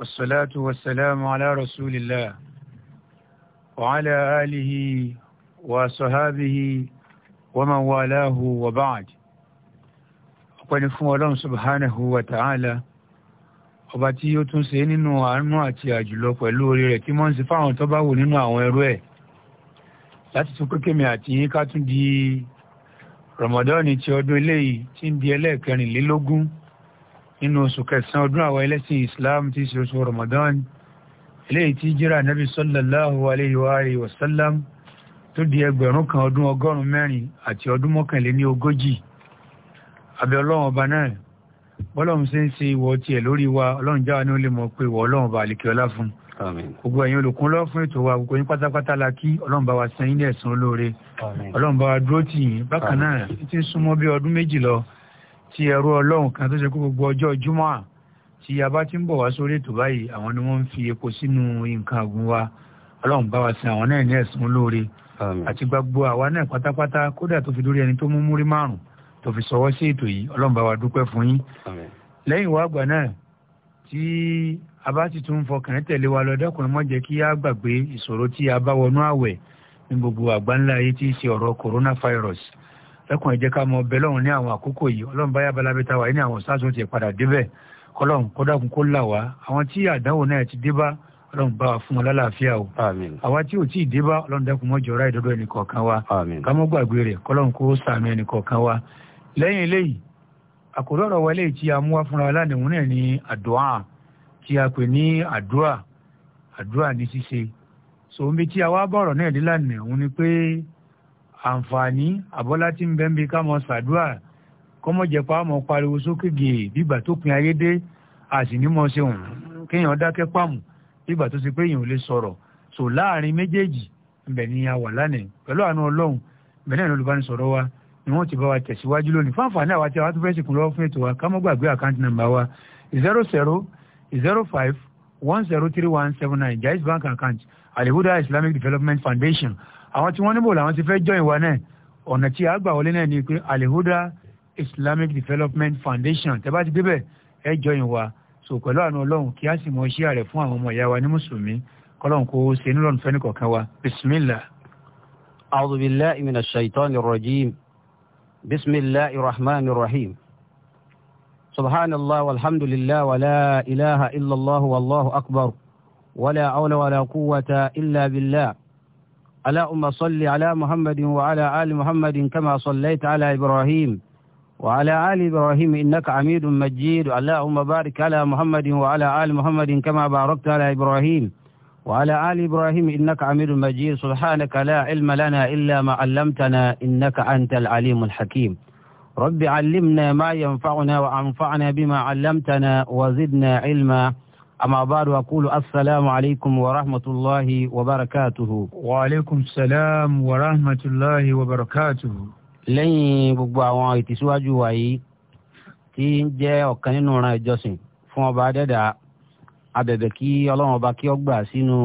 والصلاة والسلام على رسول الله وعلى آله وصحابه ومن والاه وبعد ọpẹ́ ni fún سبحانه وتعالى. wa ta'ala ọba tí ó tún ṣe nínú àánú àti àjùlọ pẹ̀lú orí rẹ̀ tí mọ́n sí fáwọn tó bá wù nínú àwọn ẹrú ẹ̀ láti tún kékèmí àti yín ká tún di rọmọdọ́ọ̀nì ti ọdún eléyìí tí ń di ẹlẹ́ẹ̀kẹrìnlélógún nínú oṣù kẹsàn-án ọdún àwọn ẹlẹ́sìn islam ti ṣe oṣù ramadan eléyìí tí jíra nabi sallallahu alayhi wa alayhi wa sallam tó di ẹgbẹ̀rún kan ọdún ọgọ́rùn mẹ́rin àti ọdún mọ́kànlé ní ogójì abẹ ọlọ́run ọba náà bọ́lọ́run ṣe ń ṣe ìwọ tiẹ̀ lórí wa ọlọ́run jáwa ní ó lè mọ̀ pé ìwọ ọlọ́run ọba àlèkè ọlá fún gbogbo ẹ̀yin olùkún lọ fún ètò wa gbogbo yín pátápátá la kí ọlọ́run bá wa san yín ní ẹ̀san olóore ọlọ́run bá wa dúró tì yín bákan náà ti ń súnmọ́ bí ọdún méjì lọ ti ẹrú ọlọ́run kan tó ṣe kó gbogbo ọjọ́ júmọ́ à tí a bá ti ń bọ̀ wá sórí ètò báyìí àwọn ni wọ́n ń fi epo sínú nǹkan ọ̀gbìn wa ọlọ́run bá wa sin àwọn náà ní ẹ̀sùn olóore àti gbogbo àwa náà pátápátá kódà tó fi dórí ẹni tó mú múrí márùn tó fi sọwọ́ sí ètò yìí ọlọ́run bá wa dúpẹ́ fún yín lẹ́yìn wá àgbà náà tí a bá ti tún fọkàn tẹ̀lé wa lọ dẹ́kun mọ́ kí a gbàgbé ìṣòro tí a bá wọnú àwẹ̀ ní gbogbo àgbáńlá yìí tí í ṣe ọ̀rọ̀ coronavirus ẹkùn ìjẹ́ ká mọ bẹ́ẹ̀ lọ́hùn ní àwọn àkókò yìí ọlọ́run báyà balábẹ́ ta wà ní àwọn sáàsùn ti padà débẹ̀ kọlọ́run kọ́dàkùn kó là wá àwọn tí àdánwò náà ti dé bá ọlọ́run bá wa fún wọn lálàáfíà o àwa tí ò tí ì dé bá ọlọ́run dákun mọ́ jọra ìdọ́dọ̀ ẹnì kọ̀ọ̀kan wa ká mọ́ gbàgbé rẹ̀ kọlọ́run kó ṣàánú ẹnì kọ̀ọ̀kan wa lẹ́yìn eléyìí àkórí ọ̀rọ̀ wa eléyìí tí a mú wá fúnra wa lánàá òun náà ni àdúà tí a pè ní àdúà a wá bọ̀rọ̀ náà àǹfààní àbọ́lá tí ń bẹ́ẹ̀ bí ká mọ ṣàdúrà kọ́mọ̀jẹ̀pá mọ pariwo sókè gèè bígbà tó pin ayé dé àsìnímọ̀ ṣeun kéèyàn dákẹ́ pàmù bígbà tó ti pé èèyàn ò lè sọ̀rọ̀ so láàrin méjèèjì ibẹ̀ ni a wà lánàá pẹ̀lú àánú ọlọ́run ibẹ̀ náà lọ́lùbánisọ̀rọ̀ wa ni wọ́n ti bá wa tẹ̀síwájú lónìí fáǹfààní àwa tí a wá tó fẹ́ sìnkú lọ́wọ́ fún ètò wa ká mọ́ gbàgbé àkáǹtì nàmbà wa zero zero zero five one zero three one seven nine Jais Bank account Alihuda Islamic Development Foundation àwọn tí wọ́n níbò làwọn ti fẹ́ jọ ìwà náà ọ̀nà tí a gbà wọlé náà ni pé alihuda islamic development foundation tẹ́ bá ti débẹ̀ ẹ jọ ìwà so pẹ̀lú àánú ọlọ́run kí a sì mọ iṣẹ́ rẹ̀ fún àwọn ọmọ ìyá wa ní mùsùlùmí kọ́lọ́run kó ṣe nílọ́run fẹ́ nìkọ̀ọ̀kan wa bismillah. a'udhu billahi minash shaitani rrajim bismillahi rahmani subhanallah walhamdulillah wala ilaha illallah wallahu akbar wala hawla wala quwwata illa billah. اللهم صل على محمد وعلى آل محمد كما صليت على إبراهيم وعلى آل إبراهيم إنك عميد مجيد اللهم بارك على محمد وعلى آل محمد كما باركت على إبراهيم وعلى آل إبراهيم إنك عميد مجيد سبحانك لا علم لنا إلا ما علمتنا إنك أنت العليم الحكيم رب علمنا ما ينفعنا وأنفعنا بما علمتنا وزدنا علما أما بعد أقول السلام عليكم ورحمة الله وبركاته وعليكم السلام ورحمة الله وبركاته lẹ́yìn gbogbo àwọn ìtìsíwájú wa yìí tí ń jẹ́ ọ̀kan nínú ọ̀ràn ìjọsìn fún ọba adẹ́dà abẹ̀bẹ̀ kí ọlọ́run ọba kí ọ gbà sínú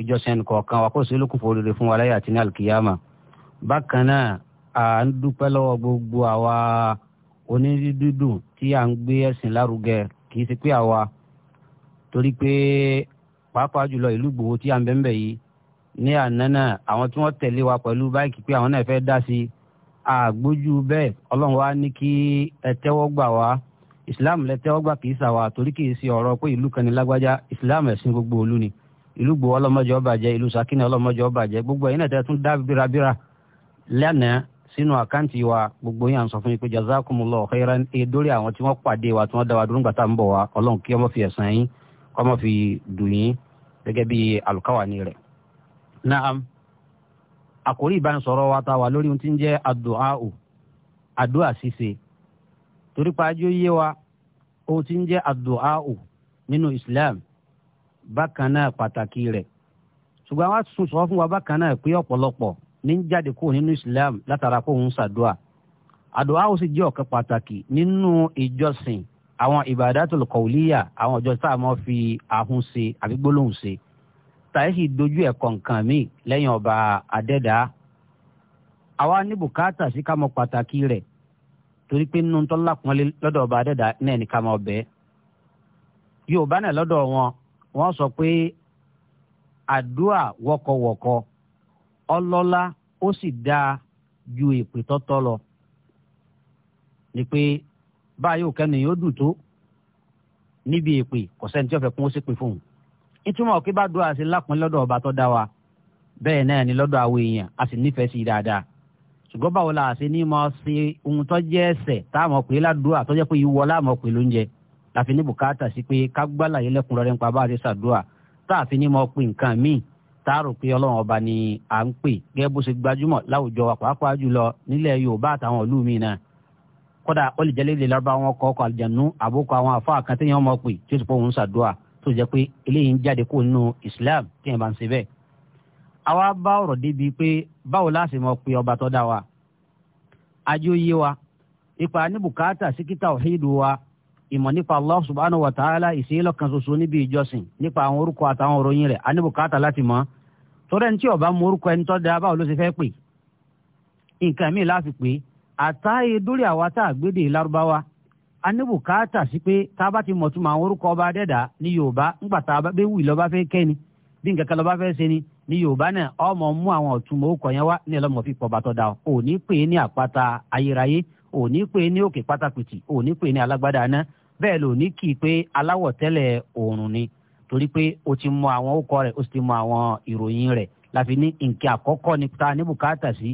ìjọsìn kọ̀ọ̀kan wa kó sí olókùn fòrèrè fún wa láyé àti ní alkiyama bákan náà à ń dúpẹ́ lọ́wọ́ gbogbo àwa onídídùn tí à ń gbé ẹ̀sìn lárugẹ kì í ti pé àwa torí pé pàápàá jùlọ ìlú gbòho tí à ń bẹ́ẹ̀ yìí ní àná náà àwọn tí wọ́n tẹ̀lé wa pẹ̀lú báyìí pé àwọn náà fẹ́ dá sí i àgbójú bẹ́ẹ̀ ọlọ́run wa ní kí ẹ tẹ́wọ́ gbà wá islam lẹ tẹ́wọ́ gbà kì í sàwà torí kì í ṣe ọ̀rọ̀ pé ìlú kan ní lágbájá islam ẹ̀sìn gbogbo olú ni ìlú gbòho ọlọ́mọdé ọba jẹ ìlú sakínà ọlọ́mọdé ọba jẹ gbogbo ẹ̀yin náà tẹ́ tún dá bírabíra lánàá sínú àkáǹtì wa gbogbo yín à ń sọ fún yín pé jazakumullahu khairan dórí àwọn tí wọ́n pàdé wa tí wọ́n dá wa dúró ńgbà tá à ń bọ̀ wá ọlọ́run kí ọmọ fi ẹ̀san yín kọ́mọ́ fi dùn yín gẹ́gẹ́ bí alukawani rẹ̀. naam àkórí ìbánisọ̀rọ̀ wa ta wà lórí ohun tí ń jẹ́ adu'a'u àdúà ṣíṣe torí pàjọ́ yé wa ohun tí ń jẹ́ adu'a'u nínú islam bákan náà pàtàkì rẹ̀ ṣùgbọ́n àwọn àtúnṣe sọ fún wa bákan náà pé ọ̀pọ̀lọpọ̀ ní ń jáde kúrò nínú islam látara kó ń ṣàdúà àdúà ó sì jẹ́ ọ̀kan pàtàkì nínú ìjọsìn àwọn ìbàdàtul qawliya àwọn ọjọ́ tá a máa fi ahun ṣe àbí gbólóhùn ṣe tàyẹ̀ sì dojú ẹ̀kọ́ nǹkan míì lẹ́yìn ọba adẹ́dàá àwa ní bùkátà sí ká mọ pàtàkì rẹ̀ torí pé nínú tó lápọnlé lọ́dọ̀ ọba adẹ́dàá náà ní ká mọ bẹ́ẹ̀ yorùbá náà lọ́dọ̀ wọn wọ́n sọ pé àdúà wọkọwọkọ ọlọ́lá ó sì dáa ju èpè tọ́tọ́ lọ ni pé báyìí ò kẹ́ni yóò dùn tó níbi èpè kò sẹ́ni tí ó fẹ́ kún ó sì pè fóun ìtumọ̀ kí bá dùn àti lápin lọ́dọ̀ ọba tó dá wa bẹ́ẹ̀ náà ni lọ́dọ̀ àwọn èèyàn a sì nífẹ̀ẹ́ sí i dáadáa ṣùgbọ́n báwo la ṣe ní mọ ṣe ohun tó jẹ́ ẹsẹ̀ tá a mọ̀ pé ládùúà tó jẹ́ pé ìwọ láàmọ̀ pé lóúnjẹ láfi ní bùkátà sí pé ká gbàlàyé lẹ́kùnrẹ́rẹ́ nípa bá a ṣe ṣàdúà tá a fi ní mọ pé nǹkan míì tá a rò pé ọlọ́run ọba ni à ń pè gẹ́gẹ́ bó ṣe gbajúmọ̀ láwùjọ wa pàápàá jùlọ nílẹ̀ Yorùbá àtàwọn ìlú míì náà kódà ó lè jẹ́lé ìlera bá wọn kọ́ ọkọ̀ àlùjánu àbókọ àwọn afọ àkàntì yẹn mọ̀ pé tí ó ti pọ̀ òun ṣàdúrà tó jẹ́ pé eléyìí ń jáde kó nínú Islam tí yẹn bá ń ṣe bẹ́ẹ̀. àwa bá ọ̀rọ̀ débi pé báwo láti mọ̀ pé ọba tó dá wa ajó yé wa ipa ní síkítà òhìdù wa ìmọ̀ nípa Allah subhanahu wa ta'ala ìṣeélọ́kan ṣoṣo níbi ìjọsìn nípa àwọn orúkọ àtàwọn òròyìn rẹ̀ a ní bùkátà láti mọ̀ torí ẹni tí ọba mú orúkọ ẹni tó dá báwo ló ṣe fẹ́ pè nǹkan míì láti pè é àtàyè dórí àwa tá a gbédè lárúbáwá a ní bùkátà sí pé tá a bá ti mọ̀túmọ̀ àwọn orúkọ ọba adẹ́dà ní yorùbá ńgbà tá a bá wù lọ́ba fẹ́ kẹ́ ni bí nǹkan kan lọ́ba fẹ́ ṣe ni ní yorùbá náà ọmọ mú àwọn ọ̀túnmọ̀ orúkọ yẹn wá ní ẹlọ́mọ fi pọ̀ba tọ́ da ọ ò ní pè é ní àpáta ayérayé ò ní pè é ní òkè pátápìtì ò ní pè é ní alágbádá aná bẹ́ẹ̀ lò ní kì í pé aláwọ̀ tẹ́lẹ̀ òòrùn ni torí pé o ti mọ àwọn orúkọ rẹ̀ o sì ti mọ àwọn ìròyìn rẹ̀ láfi ní nǹkan àkọ́kọ́ ni ta ní bùkátà sí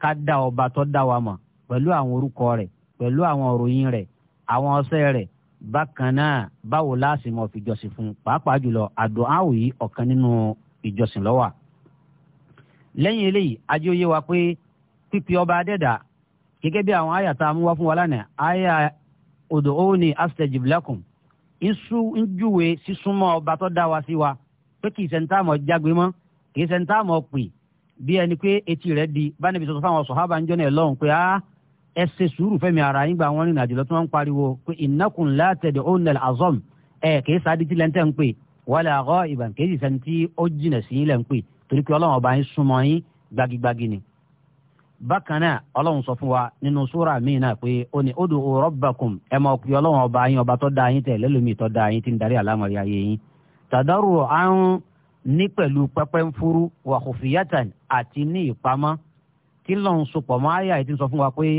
ká dá ọba tó dá wa mọ̀ pẹ̀lú àwọn orúkọ rẹ̀ pẹ̀lú àwọn òròyìn rẹ̀ àwọn ọṣẹ́ rẹ̀ bákan náà báwo láàsì mọ̀ fi jọ́sìn fún pàápàá jùlọ àdùn áwò yìí ọ̀kan nínú ìjọsìn lọ́wà. lẹ́yìn eléyìí ajóyé wa pé pípi ọba adẹ́dà gẹ́gẹ́ bí àwọn àyà tá a mú wá fún wa lánàá àyà odò òun ni astajib lakum ń júwe sísúnmọ́ ọba tó dá wa sí wa pé kì í sẹ́ńtàmọ̀ jágbe mọ́ kì í sẹ́ńtàmọ̀ pè bí ẹni pé etí rẹ̀ di bá níbi tuntun fáwọn sọ̀hábà ń jọ́nà ẹ̀ lọ́hùn pé áá ẹ ṣe sùúrù fẹ́mi ara yín gba àwọn rìnrìn àjò lọ tí wọ́n ń pariwo pé ìnákùn látẹ̀dẹ̀ ónẹ̀lì azọ́m ẹ̀ kìí sadìtì lẹ́ńtẹ̀ ń pè wọlé àgọ́ ìbàn kìí sẹ́ni tí ó jìnà sí yín lẹ́ ń pè torí pé ọlọ́run ọba yín súnmọ́ yín gbagigbagi ni. bákan náà ọlọ́run sọ fún wa nínú súra míì náà pé ó ní ó dùn rabbakum ẹ mọ̀ pé ọlọ́run ọba yín ọba tó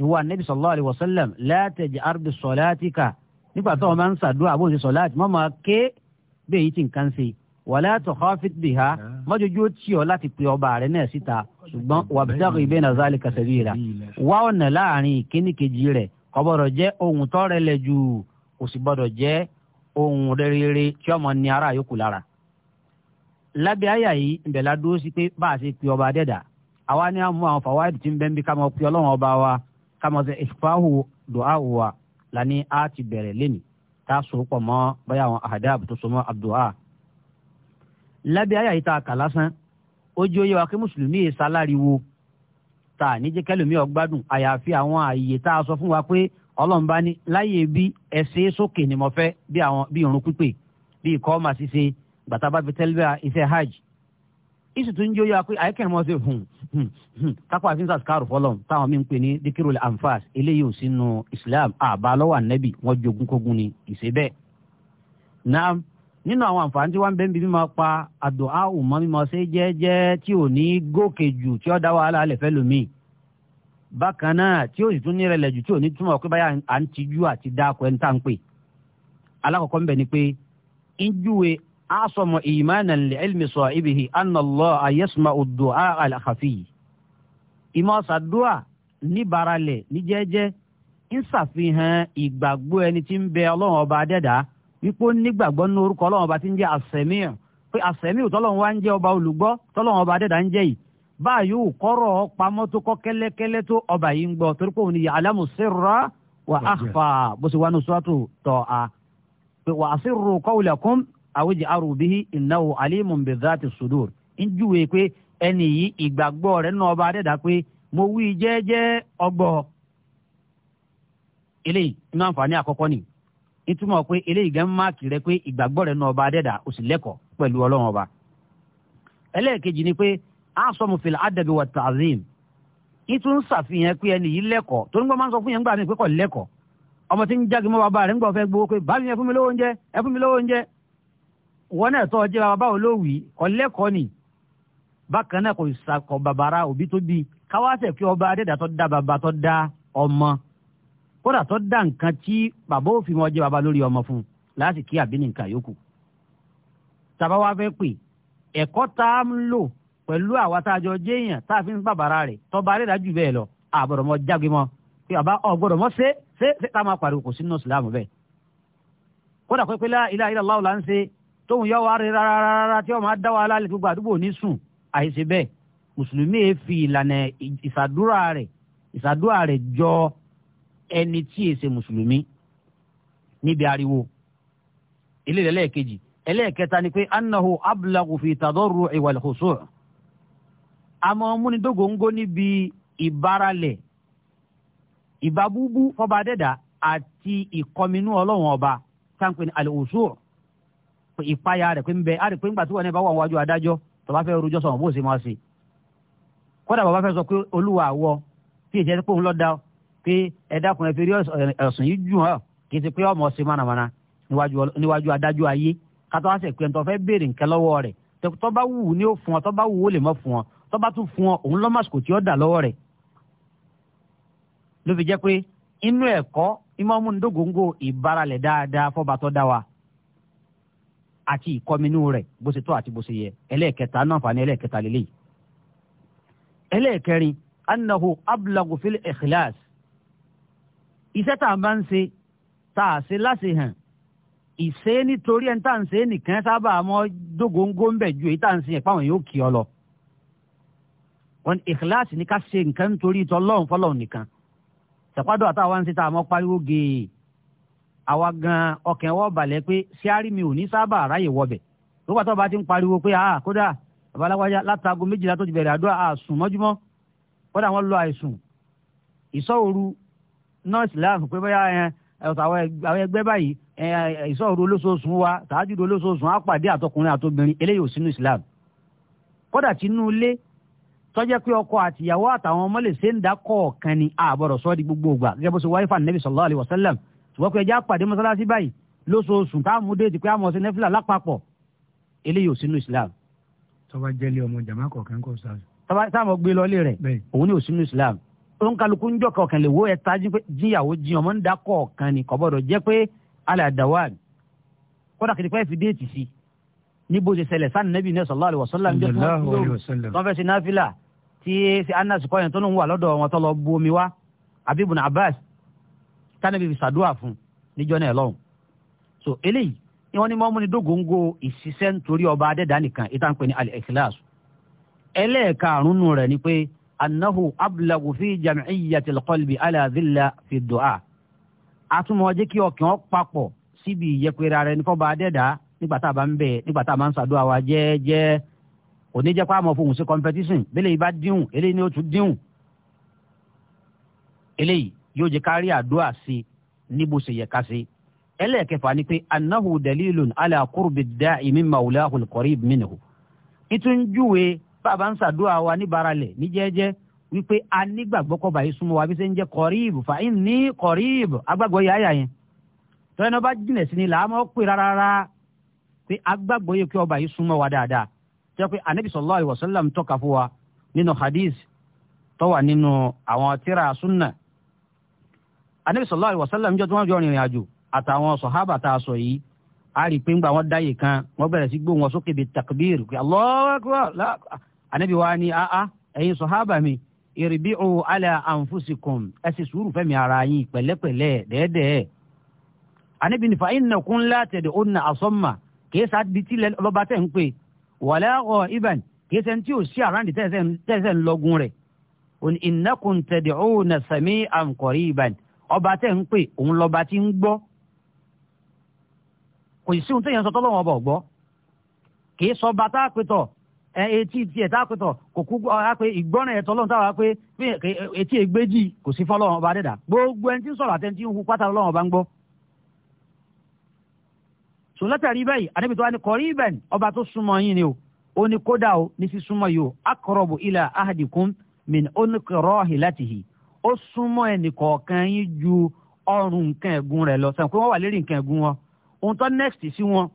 ìwọ anabi sallallahu alayhi wa sallam la taj'ar bi salatika nígbà tó o máa ń sàdúrà bó o ṣe sọláàtì mọ́ máa ké bẹ́ẹ̀ yìí ti nǹkan ṣe wala tukhafit biha mọ́jọ́jú tí ọ láti pe ọba rẹ náà síta ṣùgbọ́n wabtaghi bayna zalika sabila wá ọ̀nà láàrin ìkíní kejì rẹ̀ kò gbọ́dọ̀ jẹ́ ohun tó rẹlẹ̀ jù kò sì gbọ́dọ̀ jẹ́ ohun rere tí ọmọ ní ara yòókù lára. lábẹ́ àyà yìí ìbẹ̀lá dúró sí pé bá a ṣe pe ọba dẹ́dà àwa ni a mú àwọn fàwáìdì tí ń bẹ́ńbí ká máa pe ọlọ́run ọba wa kàmọ̀sẹ̀ ìfàhù dùhàhù wa la ní a ti bẹ̀rẹ̀ lẹ́nu tá a sòrò pọ̀ mọ́ báyà àwọn àdáàbò tó so mọ́ abdua. lábẹ́ àyà yìí tá a kà lásán ó jẹ́ oyè wa kí mùsùlùmí yìí sáláriwo tá a níjẹ́ kẹlòmí ọgbádùn àyàfi àwọn àyè tá a fún wa pé ọlọ́mba láyé bí ẹsẹ̀ sókè ni mo fẹ́ bí àwọn bí irun pípé bí ìkọ́ ọmọ àṣìṣe gbàtà fi tẹ́lẹ̀ iṣẹ́ hajj ìsì tún jó yá pé àyíkẹ́ni mọ́ ṣe hùn kápá àti sàṣkárù fọlọ́n táwọn míín pè ní dikirul anfas eléyìí ò sínú islam àbá lọ́wọ́ ànẹ́bì wọ́n jogún kógun ni ìṣe bẹ́ẹ̀. náà nínú àwọn àǹfààní tí wọ́n ń bẹ́ẹ̀ bí mímọ́ pa àdùá ùmọ́ mímọ́ ṣe jẹ́ẹ́jẹ́ tí ò ní gòkè jù tí ó dá wàhálà alẹ́ fẹ́ lómi. bákan náà tí ó sì tún nírẹ̀lẹ̀ jù tí ò ní túmọ̀ pé báyà à ń tijú àti dáko ẹni tá à ń pè. alákọ̀ọ́kọ́ ń bẹ ni pé ń júwe أعصم إيمانا لعلم صائبه أن الله يسمع الدعاء الخفي ìmọ̀ ṣàdúà níbaralẹ̀ ní jẹ́jẹ́ ń ṣàfihàn ìgbàgbọ́ ẹni tí ń bẹ ọlọ́run ọba adẹ́dá wípé ó nígbàgbọ́ ní orúkọ ọlọ́run ọba tí ń jẹ́ àsẹ̀míọ̀ pé àsẹ̀míọ̀ tọ́lọ́run wá ń jẹ́ ọba olùgbọ́ tọ́lọ́run ọba adẹ́dá ń jẹ́ yìí báyìí ò kọ́rọ̀ pamọ́ tó kọ́ kẹ́lẹ́kẹ́lẹ́ tó ọba yìí ń gbọ́ torí pé òun ni ya'lamu sirra wa akhfa bó ṣe wá ní sọ́tò tọ́ a pé wa asirru qawlakum àwíjì arúbíhí ìnáwó alímùn bìdá ti sùdùr ń júwèé pé ẹnì yìí ìgbàgbọ́ rẹ̀ náà ọba adẹ́dà pé mo wí jẹ́ẹ́jẹ́ ọgbọ́ eléyìí ní àǹfààní àkọ́kọ́ ni ìtumọ̀ pé eléyìí gan máàkì rẹ pé ìgbàgbọ́ rẹ̀ náà ọba adẹ́dà ó sì lẹ́kọ̀ọ́ pẹ̀lú ọlọ́run ọba ẹlẹ́ẹ̀kejì ni pé aṣọ́mu adabi ádàbí wà ìtún ṣàfihàn pé ẹnì yìí lẹ́kọ̀ọ́ tó ń gbọ́ máa ń sọ fún yẹn gbà mí pé kò ọmọ tí wọn náà tọ́ jẹ́ bàbá olówì ọlẹ́kọ̀ọ́ ni bákan náà kò sàkọ̀ bàbàrà òbí tó bí káwáṣẹ̀ kí ọba adẹ́dà tó dá bàbá tó dá ọmọ kódà tó dá nǹkan tí bàbá òfin wọn jẹ́ bàbá lórí ọmọ fún láti kí àbí nìkan yòókù tàbá wa fẹ́ pè ẹ̀kọ́ tá a ń lò pẹ̀lú àwa tá a jọ jẹ́ èèyàn tá a fi ń bàbàrà rẹ̀ tọ́ba adẹ́dà jù bẹ́ẹ̀ lọ àbọ̀dọ̀ mọ jágbe mọ pé bàbá ọ̀gbọ̀dọ̀ mọ ṣe ṣe ṣe tá máa pariwo kò sínú ìsìlámù bẹ́ẹ̀ kódà pé pé lá la ń tóun yọ wá rí rárá rárá tí ó máa dá wàhálà lè fi gbà àdúgbò ní sùn àìsí bẹ́ẹ̀ mùsùlùmí yẹn e fi ìlànà ìsàdúrà rẹ̀ ìsàdúrà rẹ̀ jọ ẹni tí èsè e mùsùlùmí níbi ariwo ilé ẹlẹ́ẹ̀kejì ẹlẹ́ẹ̀kẹta ni pé annahu ablagu fi tadarru'i wal khusu' àmọ́ múnidógóńgó níbi ìbáralẹ̀ ìbábúbú fọba dẹ́dà àti ìkọminú ọlọ́run ọba táǹpẹ̀ ní al ìpayà rẹ̀ pé ń bẹ á rí pé ńgbà tí wọn ní bá wà wájú adájọ́ tó bá fẹ́ rojọ́ sọ̀rọ̀ bó ṣe máa ṣe kódà bàbá fẹ́ sọ pé olúwa àwọ tí èsì ẹsẹ̀ pé òun lọ́dà pé ẹ̀dá kan ẹ̀fẹ́ rí ẹ̀sùn yìí jù hàn kì í ṣe pé ọmọ ṣe mọ̀nàmọ́ná níwájú adájọ́ ayé kátó wá sẹ̀ pé ẹ̀ńtọ́ fẹ́ béèrè nǹkan lọ́wọ́ rẹ̀ tó bá wù ní ó fún ọ tó wù àti ìkọminú rẹ̀ bó ṣe tó àti bó ṣe yẹ ẹlẹ́ẹ̀kẹta náà fani ẹlẹ́ẹ̀kẹta lélẹ̀ yìí. ẹlẹ́ẹ̀kẹrin annahu ablagu fil ikhlas iṣẹ́ tá a bá ń ṣe tá a ṣe láṣẹ hàn ìṣe nítorí ẹni tá à ń ṣe nìkan sábà mọ́ dógóńgó ń bẹ̀ ju èyí tá à ń ṣe yẹn páwọn yóò kí ọ lọ. wọn ikhlas ni ká ṣe nǹkan nítorí tọ́lọ́run fọlọ́run nìkan ṣèpádọ́ àtàwọn ń ṣe tá a mọ́ pariwo gèè àwa gan ọkàn wọ́n balẹ̀ pé ṣíárì mi ò ní sábà ráyè wọbẹ̀ tó bá tó bá ti ń pariwo pé a kódà babaláwájá látago méjìlá tó ti bẹ̀rẹ̀ àdúrà a sùn mọ́júmọ́ kódà wọ́n lọ àìsùn ìsọ̀rù nọ́ọ̀sì láàfù pé bóyá àwọn ẹgbẹ́ báyìí ìsọ̀rù olóṣooṣù wa tàájúdò olóṣooṣù á pàdé àtọkùnrin àtobìnrin eléyìí ò sínú Islam kódà tinú ilé tọ́jẹ́ pé ọkọ àtìyàwó àtàwọn ọmọ lè ṣe ń dá kọ̀ọ̀kan ni àbọ̀rọ̀ sọ́ọ́ di gbogbo ògbà gẹ́gẹ́ bó ṣe wáyé fún anabi sallallahu alayhi wa sallam ṣùgbọ́n pé ẹja pàdé mọ́sálásí báyìí lóṣooṣù tá a mú déètì pé a mọ̀ sí nẹ́fìlà lápapọ̀ eléyìí ò sínú islam. tọ́ba jẹ́lé ọmọ jàmá kọ̀ọ̀kan kọ̀ sáà. tọ́ba sáàmù gbé lọ́lé rẹ̀ òun ni ò sínú islam. ó kálukú ń jọ kọ̀ọ̀kan lè wo ẹ̀ta jíyàwó jí ọmọ ń da kọ̀ọ̀kan ni kọ̀bọ̀dọ̀ jẹ́ pé alẹ́ àdáwà kódà tánàbí fi ṣàdúrà fún níjọ́ náà lọ́hùn so eléyìí ni wọ́n ní mọ́mú ni dógóńgó ìṣiṣẹ́ nítorí ọba adẹ́dá nìkan ìtàn pé ní al-ikhlas ẹlẹ́ẹ̀karùn-ún rẹ̀ ni pé annahu ablagu fi jam'iyyati al-qalbi ala dhilla fi du'a àtúmọ̀ jẹ́ kí ọkàn papọ̀ síbi ìyẹpẹrẹ ara ẹni fọba adẹ́dá nígbà tá a bá ń bẹ̀ nígbà tá a máa ń ṣàdúrà wa jẹ́ẹ́jẹ́ oníjẹ́pá àmọ́ fohùn sí competition bẹ́lẹ̀ ni ó tún díhùn yóò jẹ́ ká rí àdúrà sí i ní bó ṣe yẹ ká sí. ẹlẹ́ẹ̀kẹfà ni pé annahu dalilun ala qurbi da'i min mawlahu al-qarib minhu. ìtúnjúwe bàbá ń ṣàdúrà wa níbaralẹ̀ ní jẹ́jẹ́ wípé a nígbàgbọ́ kọ́ báyìí súnmọ́ wa bí ṣe ń jẹ́ qarib fa inni qarib agbàgbọ́ yáyà yẹn. tọ́yẹ́nà bá jìnà sí ni làámọ́ pè rárá pé agbàgbọ́ yẹ kí ọba yìí súnmọ́ wa dáadáa jẹ́ pé anabi sallallahu alaihi tọ́ka fún wa nínú hadith tó nínú àwọn tírà sunna anabi sallallahu alaihi wasallam níjọ́ tí wọ́n jọ rìnrìn àjò àtàwọn sọ̀hábà tá a sọ yìí a rí i pé ńgbà wọ́n dáyè kan wọ́n bẹ̀rẹ̀ sí gbóhùn wọn sókè bíi takbir pé Allahu akbar anabi wa ni aa ah, ah, ẹ̀yin sọ̀hábà mi ìrìbí'u ala anfusikum ẹ sì sùúrù fẹ́mi ara yín pẹ̀lẹ́pẹ̀lẹ́ dẹ́ẹ́dẹ́ẹ́ anabi ní fa innakum la tad'una asamma kì í sá di tí lọ́ba tẹ̀ ń pè wala gha'iban kì tí ò sí àráǹdì tẹ̀sẹ̀ ń lọ́gùn rẹ̀ innakum tad'una sami'an qariban ọba tẹ ń pè òun lọba ti ń gbọ kò sí ohun téèyàn sọ tọ́lọ́wọ́n ọba ọ̀gbọ́ kì í sọ bàtà àpètọ̀ etí tiẹ̀ tá àpètọ̀ kò kú àpè ìgbọ́ràn ẹ̀ tọ́lọ́run táwa pé etí kò sí fọ́lọ́run ọba dẹ́dà gbogbo ẹni tí ń sọ̀rọ̀ àtẹni tí ń hu pátá lọ́wọ́n ọba ń gbọ́. sòlátàrí báyìí àdébí tó wá ní kọrí ibẹ̀ ọba tó súnmọ́ yín ni o ó ní kódà o ní sísúnmọ́ yìí o akọrọ̀bù ilà ahadikum min ó súnmọ́ ẹnìkọ̀ọ̀kan yín ju ọrùn nǹkan ẹ̀gún rẹ̀ lọ sẹ́wọ̀n pé wọ́n wà lérí nǹkan ẹ̀gún wọn ohun tó next sí wọn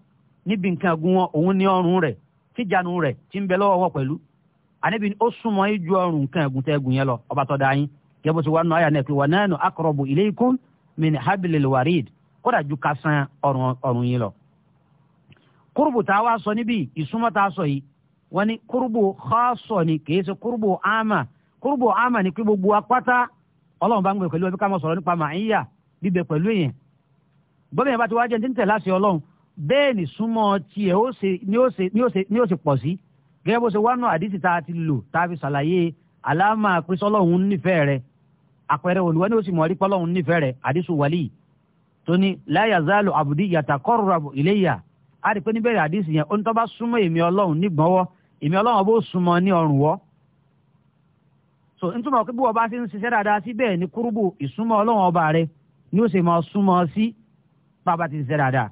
níbi nǹkan ẹ̀gún wọn òun ní ọrùn rẹ̀ tíjanu rẹ̀ tí ń bẹ lọ́wọ́ wọn pẹ̀lú àníbi ó súnmọ́ yín ju ọrùn nǹkan ẹ̀gún tẹ́gùn yẹn lọ ọba tó dá yín gẹ́gẹ́ bó ti wà nù ayà náà wà náà nù akọrọ̀bù ilaykum min hablil warid kódà ju ka ọrùn yín lọ. kúrúbù tá a wá sọ níbi ìsúnmọ́ tá a sọ yìí wọ́n ní kúrúbù xaasọ̀ ni kì í ṣe kúrúbù àmà kúrúbù àmà ni pé gbogbo apáta ọlọ́run bá ń gbẹ pẹ̀lú ẹbí ká mọ̀ sọ̀rọ̀ nípa màáyà bíbẹ pẹ̀lú èèyàn bọ́mọ̀ yẹn bá ti wá jẹ́ ní tẹ̀ láti ọlọ́run bẹ́ẹ̀ ni súnmọ́ tiẹ̀ ni ó sì pọ̀ sí gẹ́gẹ́ bó ṣe wá náà àdìsí tá a ti lò tá a fi ṣàlàyé àlámà pẹ́sọ́lọ́hún nífẹ̀ẹ́ rẹ̀ àpẹẹrẹ olùwẹ́ ni ó sì mọ̀ rí pọ́lọ́hún nífẹ̀ẹ́ rẹ̀ àdìsù wàlíì tó ní láyà záàlù àbùdí yàtà kọ́rùràbù iléyà á rí pé níbẹ̀rẹ̀ àdìsí yẹn ó ní tó bá súnmọ́ èmi ọlọ́run nígbọ́wọ́ èmi ọlọ́run bó súnmọ́ ní ọrùn wọ́ so n túmọ̀ pé bí wọ́n bá ṣe ń ṣiṣẹ́ dáadáa sí bẹ́ẹ̀ ni kúrúbù ìsúnmọ́ ọlọ́run ọba rẹ ni ó ṣe máa súnmọ́ sí bàbá ti ṣiṣẹ́ dáadáa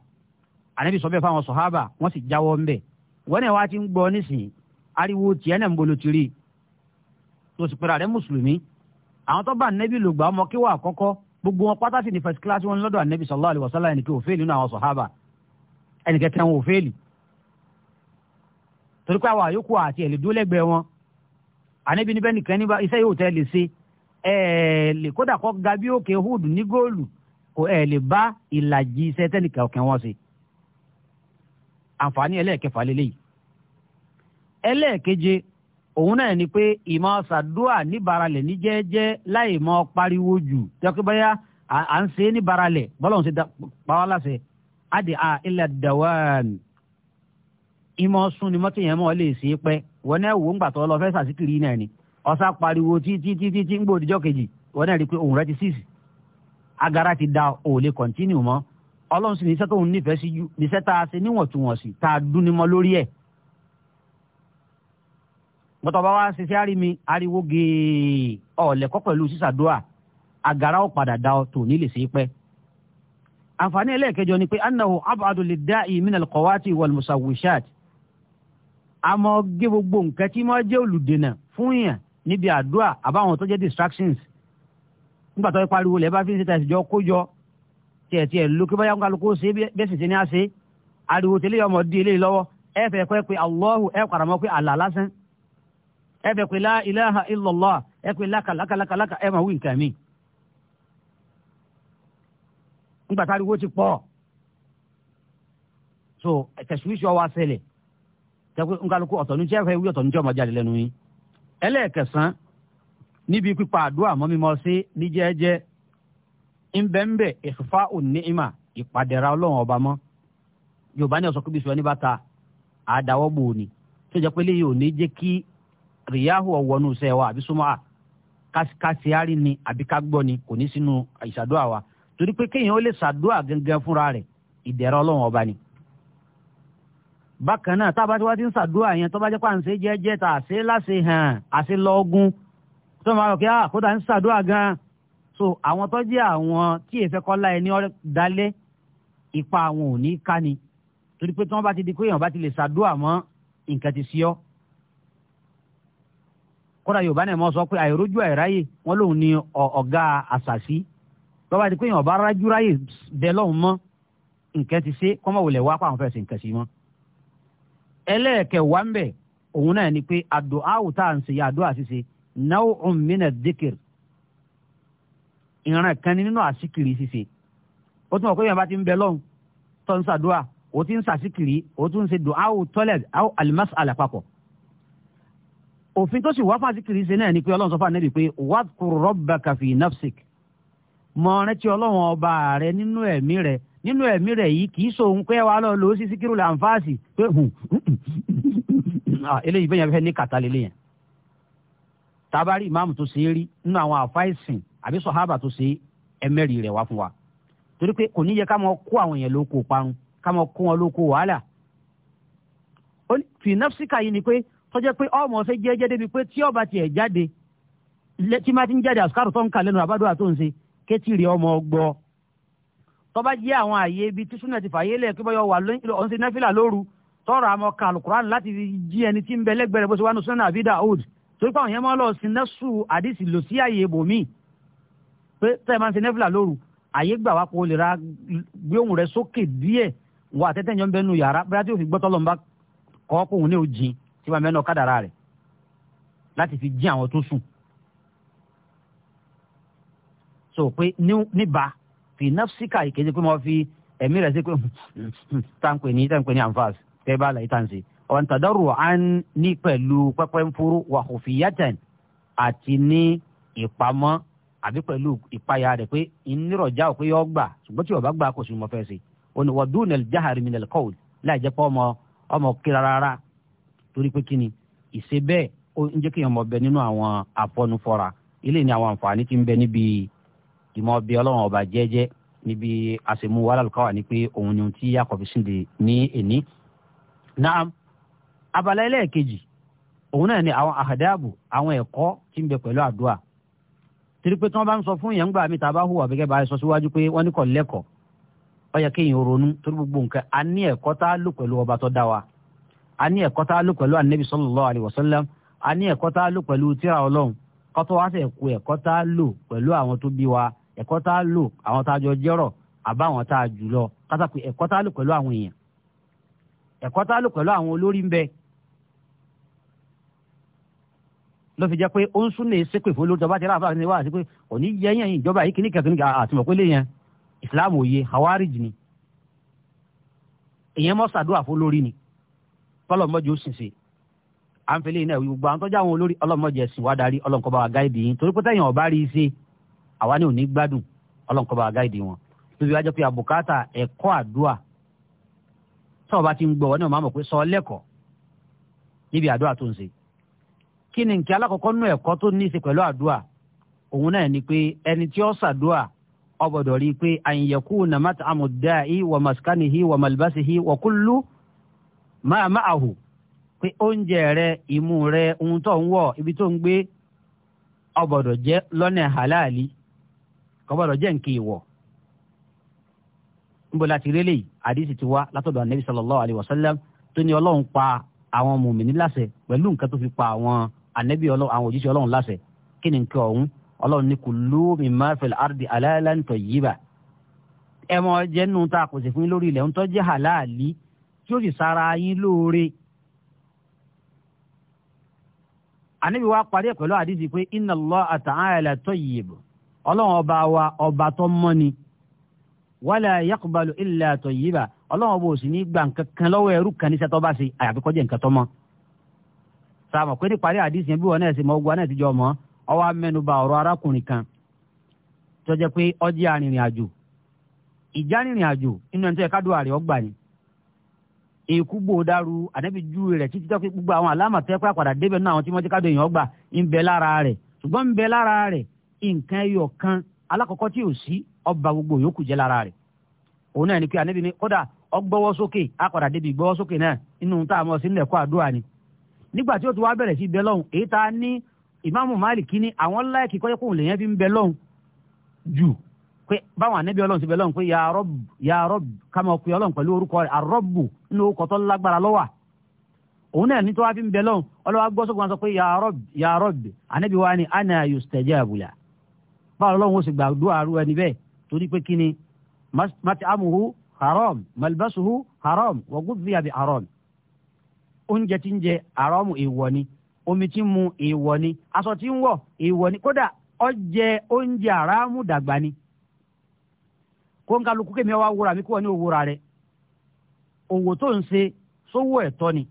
ànábì sọ bẹ́ẹ̀ fáwọn sọ̀hábà wọ́n sì jáwọ́ ńbẹ̀ wọ́n náà wá ti ń gbọ́ nísìnyí ariwo tiẹ̀ náà ń bolo ti rí tó sì pera rẹ mùsùlùmí àwọn tó bá ànábì lò gbà ọmọ kíwà àkọ́kọ́ gbogbo wọn pátá sí ní first class wọn lọ́dọ̀ ànábì sallallahu alaihi wasallam ẹnì kí òféèlì nínú àwọn sọ̀hábà ẹnì kẹtẹ wọn òféèlì torí wọn ànábi níbẹ̀ nìkan níbà iṣẹ́ yóò tẹ́ lè ṣe ẹ̀ lè kódà kọ́ ga bí òkè húdù ní góòlù kò ẹ̀ lè bá ìlàjì iṣẹ́ tẹ́nìkan ọ̀kẹ́ wọn ṣe àǹfààní ẹlẹ́ẹ̀kẹfà lélẹ́yìí ẹlẹ́ẹ̀keje òun náà ni pé ìmọ̀ ṣàdúà níbaralẹ̀ ní jẹ́ẹ́jẹ́ láì mọ pariwo jù jẹ́kúbáyá à ń ṣe níbaralẹ̀ bọ́lá òun ṣe pa wá láṣẹ adìhà ilẹ̀ dàwọn ìmọ̀ sún ni mọ́tò yẹn mọ́ lè ṣe é pẹ́ wọn náà wò ń gbà tó lọ fẹ́ sàṣìkiri náà ni ọ̀sá pariwo títí títí tí ń gbòdìjọ́ kejì wọn náà rí i pé òun rẹ ti sísì agara ti da ò lè kọ̀ntínú mọ́ ọlọ́run sì ní iṣẹ́ tóun nífẹ̀ẹ́ sí ju níṣẹ́ tá a ṣe níwọ̀ntúnwọ̀nsì tá a dúni mọ́ lórí ẹ̀ bọ́tọ̀ bá wá ṣe sí ariwo gèè ọ̀lẹ́kọ́ àǹfààní ẹlẹ́ẹ̀kẹjọ ni pé annahu abadu lidda'i min alqawati wal musawishat àmọ́ gé gbogbo nǹkan tí mo jẹ́ olùdènà fún yàn níbi àdúrà àbáwọn tó jẹ́ distractions nígbà tó pariwo lẹ́ bá fi ń ṣe tàìsíjọ́ kójọ tiẹ̀ tiẹ̀ lókè báyà ń kálukú ṣe bẹ́ẹ̀ sì ṣe ní àṣẹ ariwo tẹ́lẹ̀ ọmọ di eléyìí lọ́wọ́ ẹ fẹ́ kọ́ ẹ pé Allahu ẹ pé àlà lásán ẹ fẹ́ pé la ilaha illallah ẹ pé láka ẹ máa wí nǹkan mi. nígbà ti pọ̀ so tẹ̀síwísì tẹ́kọ̀ nkálukú ọ̀tọ̀ ní jẹ́fẹ́ wí ọ̀tọ̀ ọmọ jáde lẹ́nu yín ẹlẹ́ẹ̀kẹsàn níbi pípa àdúrà mọ́ mímọ́ sí ní jẹ́ẹ́jẹ́ ńbẹ́ńbẹ́ ìfúfá òníìmà ìpàdéra ọlọ́run ọba mọ́ yorùbá ní àdáwọ́ ni àbí ni kò ní sínú ìṣàdúrà wa torí pé bákan náà tá a bá ti wá ti ń ṣàdúrà yẹn tó bá jẹ́ pé à ń ṣe jẹ́jẹ́ tà àṣẹ láṣẹ hàn àṣẹ lọ́ọ́gùn tó máa rọ̀ kí àkótá ń ṣàdúrà gan-an so àwọn tó jẹ́ àwọn tí èèfẹ́ kọ́lá ẹni dalé ipa àwọn ò ní ká ni torí pé tí wọ́n bá ti di pé èèyàn bá ti lè ṣàdúrà mọ́ nǹkan ti sí ọ́ kódà yorùbá náà mọ sọ pé àìrójú àìráyè wọn lòun ni ọ̀gá àṣàṣì tó bá ti pé èèyàn bá rájú ráyè bẹ́ẹ̀ lọ́hùn mọ́ nǹkan ti ṣe kọ́mọ̀wòlẹ̀ wá pa fẹ̀sìn nǹkan sí mọ́ ẹlẹ́ẹ̀kẹwàá ń bẹ̀ òun náà ni pé àdúà tá à ń ṣe àdúà àṣìṣe naw'un min adh-dhikr ìran kan nínú àṣìkiri ṣíṣe ó tún wọ́n pé yẹn bá ti ń bẹ lọ́hùn tó ń ṣàdúà ó ti ń ṣàṣìkiri ó tún ń ṣe àdúà toilet aw al-mas'ala papọ̀ òfin tó sì wá fàṣìkiri ṣe náà ni pé ọlọ́run sọ fún ànábì pé wadhkur rabbaka fi nínú ẹ̀mí rẹ̀ yìí kì í so òun pé wa lọ lò ó sí síkírù làǹfààsì pé hùn ah, eléyìí bẹ́ẹ̀ fẹ́ ní kàtà lélẹ̀ yẹn tabari tó ṣe é rí nínú àwọn àfáìsìn àbí sọ̀hábà tó ṣe ẹ̀mẹ́rì rẹ̀ wá fún wa torí pé kò ní yẹ ká mọ kó àwọn lóko parun ká kó wọn lóko wàhálà fi yìí ni pé pé ọmọ ọ̀sẹ̀ jẹ́jẹ́ débi pé tí ọba tiẹ̀ jáde tí má ti tọ́ba jẹ́ àwọn àyè ibi tí súnà ti fàyè lẹ̀ kí bọ́yọ̀ wà lọ́n ṣe náfìlà lóru tọ́rọ̀ àmọ́ kan alukuran láti jí ẹni tí ń bẹ lẹ́gbẹ̀rẹ̀ bó ṣe wà ní súnà àbí daoud torí pé àwọn yẹn máa lọ sí nẹ́sù àdìsí lò sí àyè ibòmí pé tẹ́ ẹ máa ń ṣe náfìlà lóru àyè gbà wá pé o lè ra gbé ohùn rẹ sókè díẹ̀ wọ àtẹ́tẹ́ yẹn ń bẹnu yàrá bóyá tí fi gbọ́ tọ́lọ́ kọ́ fi nafsika ìkéde pé mo fi ẹ̀mí rẹ̀ sí pé tàǹpé ní tàǹpé ní anfas tẹ́ bá láyé tàǹsì ọ̀n tàdọ́rù à ń ní pẹ̀lú pẹ́pẹ́ ń furu wà kò fi yàtàn àti ní ìpamọ́ àbí pẹ̀lú ìpayà rẹ̀ pé ìnírọ̀já ò pé yọ gbà ṣùgbọ́n tí ó bá gbà kò sì mọ̀ fẹ́ sí ó ní wọ́dún jahari minel kọ́ọ̀l láì pé ọmọ ọmọ kíra rárá torí pé kíni ìṣe bẹ́ẹ̀ ó ń jẹ́ kéèyàn mọ̀ bẹ nínú àwọn àfọnufọ́ra eléyìí ni àwọn àǹfààní tí ń bẹ níbi ìmọ̀ bí ọlọ́run ọba jẹ́jẹ́ níbi àṣemú wàhálà lùkọ́ wà ní pé òun ni ohun tí yàkọ̀ fi síde ní èní. naam abala ẹlẹ́ẹ̀kejì òun náà ni àwọn àhàdáàbù àwọn ẹ̀kọ́ tí ń bẹ pẹ̀lú àdúrà torí pé tí wọ́n bá ń sọ fún yẹn ńgbà mi tá a bá hùwà gẹ́gẹ́ bá a sọ síwájú pé wọ́n ní kọ́ lẹ́kọ̀ọ́ ó yẹ kéèyàn ronú torí gbogbo nǹkan a ní ẹ̀kọ́ tá a lò pẹ̀lú ọba tó dá wa a ní ẹ̀kọ́ tá a lò pẹ̀lú sallallahu alaihi wasallam a ní ẹ̀kọ́ tá a lò pẹ̀lú tíra ọlọ́run kọ́tọ́ wá sẹ̀ ẹ̀kọ́ tá a lò àwọn tá a jọ jẹ́rọ̀ àbá àwọn tá a jù lọ kátà pé ẹ̀kọ́ tá a lò pẹ̀lú àwọn èèyàn ẹ̀kọ́ tá a lò pẹ̀lú àwọn olórí ń bẹ ló fi jẹ́ pé ó ń súnlé sépè fún olórí tọ́ba tẹ́lá àfáà ní wá àti pé òní yẹ́yìn ẹ̀yìn ìjọba yìí kìnnìkan kìnnìkan àtìmọ̀ pé léyìn ìsìláàmù òye hawarij ni èèyàn mọ́ sàdúrà fún olórí ni tọ́lọ́mọ́jì ó sìn sí i à ń fi léyìn náà gbogbo àwọn tọ́jú àwọn olórí ọlọ́mọdé ẹ̀sìn wá darí ọlọ́nkọ́ bá wa gáìdì yín torí pé tẹ̀yìn ọ̀bá rí i sí i àwa ni ò ní gbádùn ọlọ́run kó bá wa gáìdì wọn tóbi wájú pé àbùkátà ẹ̀kọ́ àdúà tó o bá ti ń gbọ́ ọ náà máa mọ̀ pé sọ lẹ́kọ̀ọ́ níbi àdúà tó ń ṣe kí ni nǹkan alákọ̀ọ́kọ́ nú ẹ̀kọ́ tó ní í ṣe pẹ̀lú àdúà òun náà ni pé ẹni tí ó ṣàdúà ó rí i pé àyìnyẹ̀kú na mata amúdáì wà màsíkánìhì wà màlìbásìhì wà kúlú máa máa hù pé oúnjẹ rẹ ìmú rẹ ohun tó ń wọ̀ ibi tó ń gbé ó jẹ́ lọ́nà hàláàlì kọ́bọ̀dọ̀ jẹ́ nǹkan ìwọ̀ níbo la ti rí eléyìí àdìsí ti wá látọ̀dọ̀ anabi sallallahu alayhi wa sallam tó ní ọlọ́run pa àwọn mùmíní láṣẹ pẹ̀lú nǹkan tó fi pa àwọn anabi ọlọ́run àwọn òjíṣẹ́ ọlọ́run láṣẹ kí ni nǹkan ọ̀hún ọlọ́run ní kulu mimma fil ardi halalan tayyiba ẹ mọ jẹ́ nù tá a pèsè fún yín lórí ilẹ̀ ń tọ́jú halali tí ó sì sara yín lóore anabi wa parí ẹ̀ pẹ̀lú àdìsí pé inna Allah ta'ala tayyib ọlọ́run ọba wa ọba tó mọ́ ni wala yaqbalu illa tayyiba ọlọ́run ọba ò sì ní gbà nǹkan kan lọ́wọ́ ẹrú kan níṣẹ́ tó bá ṣe àyàfi kó nǹkan tó mọ́ sàmọ̀ pé níparí àdìsí yẹn bí wọn náà ṣe mọ ogun náà ti jọ arákùnrin kan tó pé àjò ìjà arìnrìn àjò inú ẹni tó yẹ àrè ọgbà ni èkú ju rẹ̀ títí tó fi gbogbo àwọn alámàtẹ́pẹ́ àpàdà débẹ̀ àwọn tí ti èèyàn ọgbà nǹkan ẹyọ kan alákọ̀ọ́kọ́ tí ò sí ọba gbogbo yòókù jẹ́ lára rẹ̀ òun náà ni pé ànábì ni kódà ọgbọ́wọ́ sókè apàdà débi gbọ́wọ́ sókè náà inú tá a mọ̀ sí nílẹ̀ kó àdúrà ni nígbà tí ó ti wá bẹ̀rẹ̀ sí bẹ lọ́hùn èyí tá a ní ìmáàmù Málíkì ní àwọn láìkì kọ́jọ́ kóhùn lèyẹn fi ń bẹ lọ́hùn jù pé báwọn ànábì ọlọ́run ti bẹ lọ́hùn pé ya Rabb òun náà ní tó wá fi ń bẹ lọ́hùn ọlọ́wà gbọ́sọ̀gbọ́n sọ pé ya Rabb ya wa ni ana yustajabu la báwo lọ́wọ́ ó sì gbàdúrà arú ẹni bẹ́ẹ̀ torí pé kíni mati amuhu haram malbasuhu haram wagudhiya bi haram oúnjẹ tí ń jẹ haram èèwọ̀ ni omi tí ń mu èèwọ̀ ni aṣọ tí ń wọ̀ èèwọ̀ ni kódà ó jẹ oúnjẹ haram dàgbà ni kó ń kálukú kémi wá wúra mi kó wọn ní òwúra rẹ òwò tó ń ṣe sówó ẹ̀tọ́ ni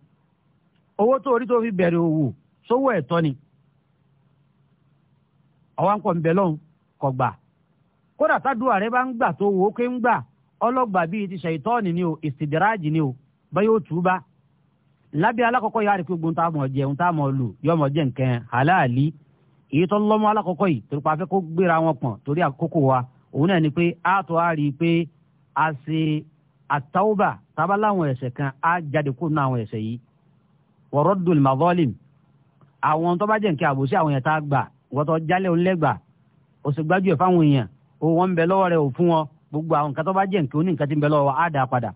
owó tó orí tó fi bẹ̀rẹ̀ òwò sówó ẹ̀tọ́ ni àwọn akọ̀ ń bẹ̀ lọ́hùn kọgbà kódà tádùá rẹ bá ń gbà tó wò ó ké ń gbà ọlọ́gbà bíi ti ṣàìtọ́ọ̀nì ni o ìsìdíráàjì ni o bá yóò tù ú bá lábẹ́ alákọ̀ọ́kọ́ yára pé gbóhùn táwọn jẹun táwọn lù yọmọ jẹ nǹkan halali èyí tó lọ́mọ alákọ̀ọ́kọ́ yìí torí pa afẹ́ kó gbéra wọn pọ̀n torí àkókò wa òun náà ni pé a tó a rí i pé a ṣe àtàwùbà tábà láwọn ẹ̀ṣẹ̀ kan á jáde kó nínú àwọn ẹ̀ṣẹ̀ yìí wọ́rọ́ dùn màvọ́lìm àwọn tó bá jẹ́ nǹkan àbòsí àwọn yẹn tá a gbà wọ́tọ̀ jálẹ̀ òun ó sì gbájú ẹ̀ fáwọn èèyàn owó wọn ń bẹ lọ́wọ́ rẹ̀ ò fún wọn gbogbo àwọn nǹkan tó bá jẹ́ nǹkan ó ní nǹkan tí ń bẹ lọ́wọ́ á dá padà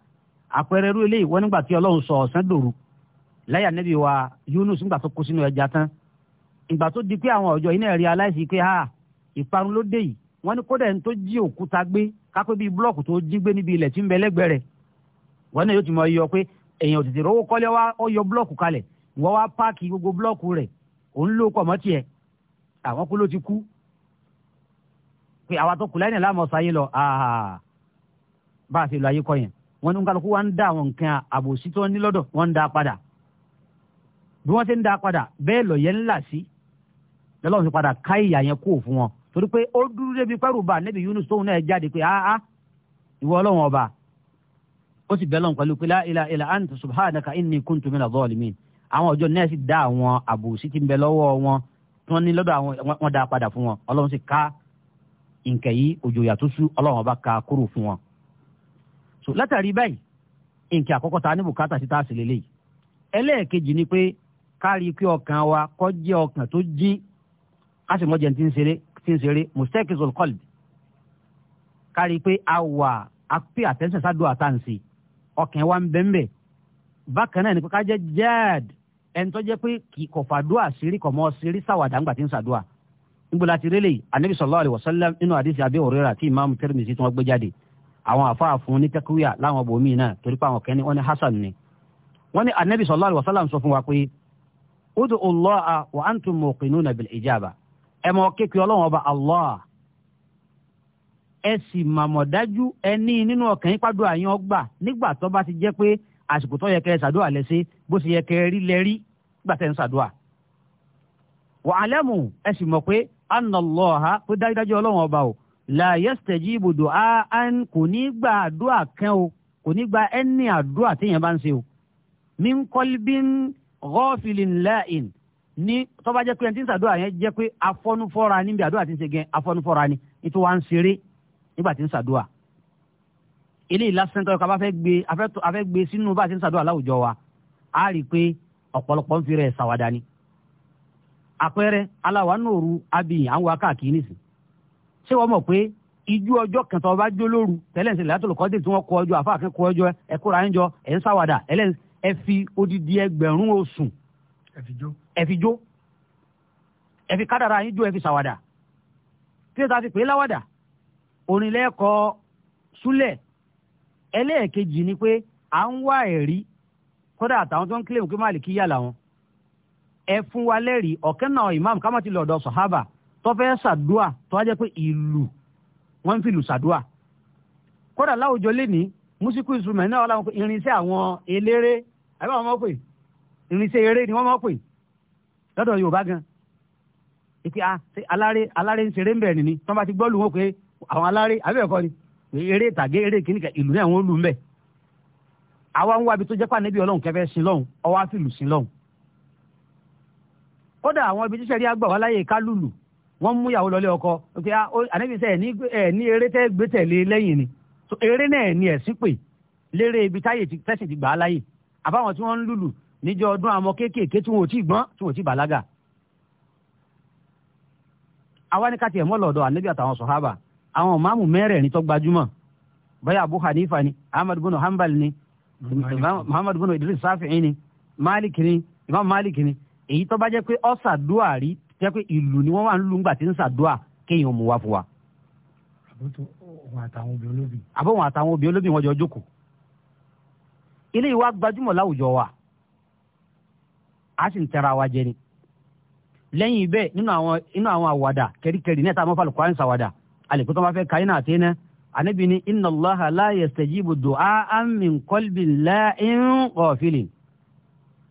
àpẹẹrẹ irú eléyìí wọ́n nígbà tí ọlọ́run sọ ọ̀sán dòru láyà níbi wa Yunus nígbà tó kó sínú ẹja tán ìgbà tó di pé àwọn ọ̀jọ́ iná ẹ̀rí aláìsí pé ha ìparun ló dé yìí wọ́n ní kódà ẹni tó jí òkúta gbé kápẹ́ bíi búlọ́ọ̀kù tó jí gbé níbi ilẹ̀ tí ń bẹ lẹ́gbẹ̀ẹ́ wọ́n náà yóò ti mọ iyọ pé èèyàn tètè rówó kọ́lé wá ó yọ búlọ́ọ̀kù kalẹ̀ wọ́n wá páàkì gbogbo búlọ́ọ̀kù rẹ̀ òun ló kọ̀ mọ́ tiẹ̀ àwọn kó ló ti kú pé àwa tó kù láyé láàmú ọ̀sán yé lọ bá a ṣe lọ ayé kọ yẹn wọn ní kálukú wa ń dá àwọn nǹkan àbòsí tó ní lọ́dọ̀ wọn ń dá padà bí wọ́n ti ń dá padà bẹ́ẹ̀ lọ yẹn ńlá sí lọ́lọ́run ti padà ká ìyà yẹn kúrò fún wọn torí pé ó dúró débi pẹ́rù bá níbi Yunus tóun náà jáde pé áá ìwọ ọlọ́run ọba ó sì bẹ́ẹ̀ lọ́n pẹ̀lú pé láìla ìlà anta subhanaka inni kuntu mina zalimin àwọn ọjọ́ náà sì dá àwọn àbòsí ti ń bẹ lọ́wọ́ wọn tí wọ́n ní lọ́dọ̀ àwọn wọn dá padà fún wọn ọlọ́run sì ká nǹkan yìí òjò yàtọ̀ sú ọlọ́run ọba ka kúrò fún wọn. so látàrí báyìí nǹkan àkọ́kọ́ ta ní bùkátà sí táàsì lélẹ̀ yìí ẹlẹ́ẹ̀kejì ni pé kárí pé ọkàn wa kó jẹ́ ọkàn tó jí kásìmọ́jẹ ti ń ṣeré ti ń ṣeré mustekizol kọ́lì kárí pé a wà á pé àtẹ́sẹ̀sádùn àtàǹsì wa ń bẹ́ńbẹ́ ni pé ká jẹ́ jáàd pé kì í kọ̀fàdúà sírí kọ̀mọ́ ńgbà tí ń sàdúà níbo la ti rélé anabi sallallahu alayhi wa sallam nínú àdìsí Abi Hurairah tí imaamu Tirmidhi tí wọ́n gbé jáde àwọn àfáà fún ní tẹ́kúyà láwọn bòmíì náà torí pé àwọn kẹ́ni wọ́n ní hasan ni wọ́n ní anabi sallallahu alayhi wa sallam sọ fún wa pé ud'u Allaha wa antum muqinuna bil ijaba ẹ mọ̀ kékeré ọlọ́wọ́n ọba allah ẹ sì màmọ̀ dájú ẹni nínú ọkàn yín pàdó àyàn ọgbà nígbà tó bá ti jẹ́ pé àsìkò tó yẹ kẹ́ ẹ ṣàdúrà lẹ́sẹ̀ bó ṣe yẹ kẹ́ ẹ rí lẹ́rí gbàtẹ́ ń ṣàdúrà wà ẹ sì mọ̀ pé anna Allah pé dájúdájú ọlọ́run ọba o la yastajibu du'aan kò ní gba àdúrà kẹ́ o kò ní gba ẹni àdúrà téèyàn bá ń ṣe o min qalbin ghafilin la'in ní tó bá jẹ́ pé ẹni tí ń sàdúrà yẹn jẹ́ pé afọ́nufọ́ra níbi àdúrà tí ń ṣe gẹ́ afọ́nufọ́ra ni nítorí wá ń ṣeré nígbà tí ń sàdúrà ilé ìlàsìn tọ́ka bá fẹ́ gbé afẹ́ gbé sínú bá ti ń sàdúrà láwùjọ wa á rí i pé ọ̀pọ̀lọpọ̀ ń fi rẹ̀ ṣàwàdà ni àpẹẹrẹ aláwa nóoru abiyin àwọn wa káàkiri nìsín ṣé wọn mọ pé ijú ọjọ́ kan tó bá jó lóru tẹ́lẹ̀ ń sẹlẹ látọlù kọdé tí wọn kọ ọjọ́ àfáàfin kọ ọjọ́ ẹ kóra ẹ ń jọ ẹ ń sáwàdà ẹlẹ ẹ fi odidi ẹgbẹ̀rún oṣù ẹ fi jó ẹ fi kádàrá yín jó ẹ fi sáwàdà títí fi pè láwàdà onílẹ̀kọ súlẹ̀ ẹlẹ́ẹ̀kejì ni pé à ń wá ẹ̀rí kódà àtàwọn tó ń kílẹ̀ òkè máàlì kíyà làwọn ẹ fún wa lẹ́rìí ọ̀kẹ́ náà imam ká má ti lọ́dọ̀ sọ̀hábà tó fẹ́ ṣàdúà tó wá jẹ́ pé ìlú wọ́n ń fi ìlú ṣàdúà kódà láwùjọ lẹ́ni músíkù instrument náà láwọn irinṣẹ́ àwọn eléré àbí àwọn pè irinṣẹ́ eré ni wọ́n mọ̀ pè lọ́dọ̀ Yorùbá gan ìpè ah, aláré aláré ń ṣeré ń bẹ̀rẹ̀ ni tí wọ́n bá ti gbọ́ lù wọ́n pé àwọn aláré àbí ẹ̀kọ́ ni eré ìtàgé eré kìnnìkan ìlú náà wọ́n lù ń bẹ̀ àwa kódà àwọn ibi tíṣẹ̀rí àgbà wà láyè kálùlù wọ́n mú ìyàwó lọlé ọkọ pé ah, ànábìsẹ̀ ẹ̀ ní eré tẹ́ gbé tẹ̀lé lẹ́yìn ni so eré náà ni ẹ̀sìn pè lérè ibi táyè tẹ́sì ti gbà á láyè àbáwọn tí wọ́n ń lùlù níjọ ọdún àmọ́ kéékèèké tí wọn ò tí gbọ́n tí wọn ò tí bàlágà. àwa ní káti ẹ̀mọ́ lọ́dọ̀ ànábì àtàwọn sọ̀hábà àwọn ìmáàmù mẹ́rẹ̀ẹ̀rin tó gbajúmọ̀ báyà ni Ahmad Idris Safi'i ni Malik ni Imam Malik ni èyí tó bá jẹ́ pé ọ́ ṣàdúà rí jẹ́ pé ìlú ni wọ́n wà ń lù ńgbà tí ń ṣàdúà kéèyàn mú wá fún wa. àbọ̀ àtàwọn obì olóbì wọn jọ jókòó. ilé ìwà wa a sì ń wa jẹ ni. lẹ́yìn bẹ́ẹ̀ nínú àwọn àwàdà kẹ́ríkẹ́rí ní ẹ̀ta àwọn fàlùkù àyìn sàwàdà àlèkò tó máa fẹ́ ka iná àti iná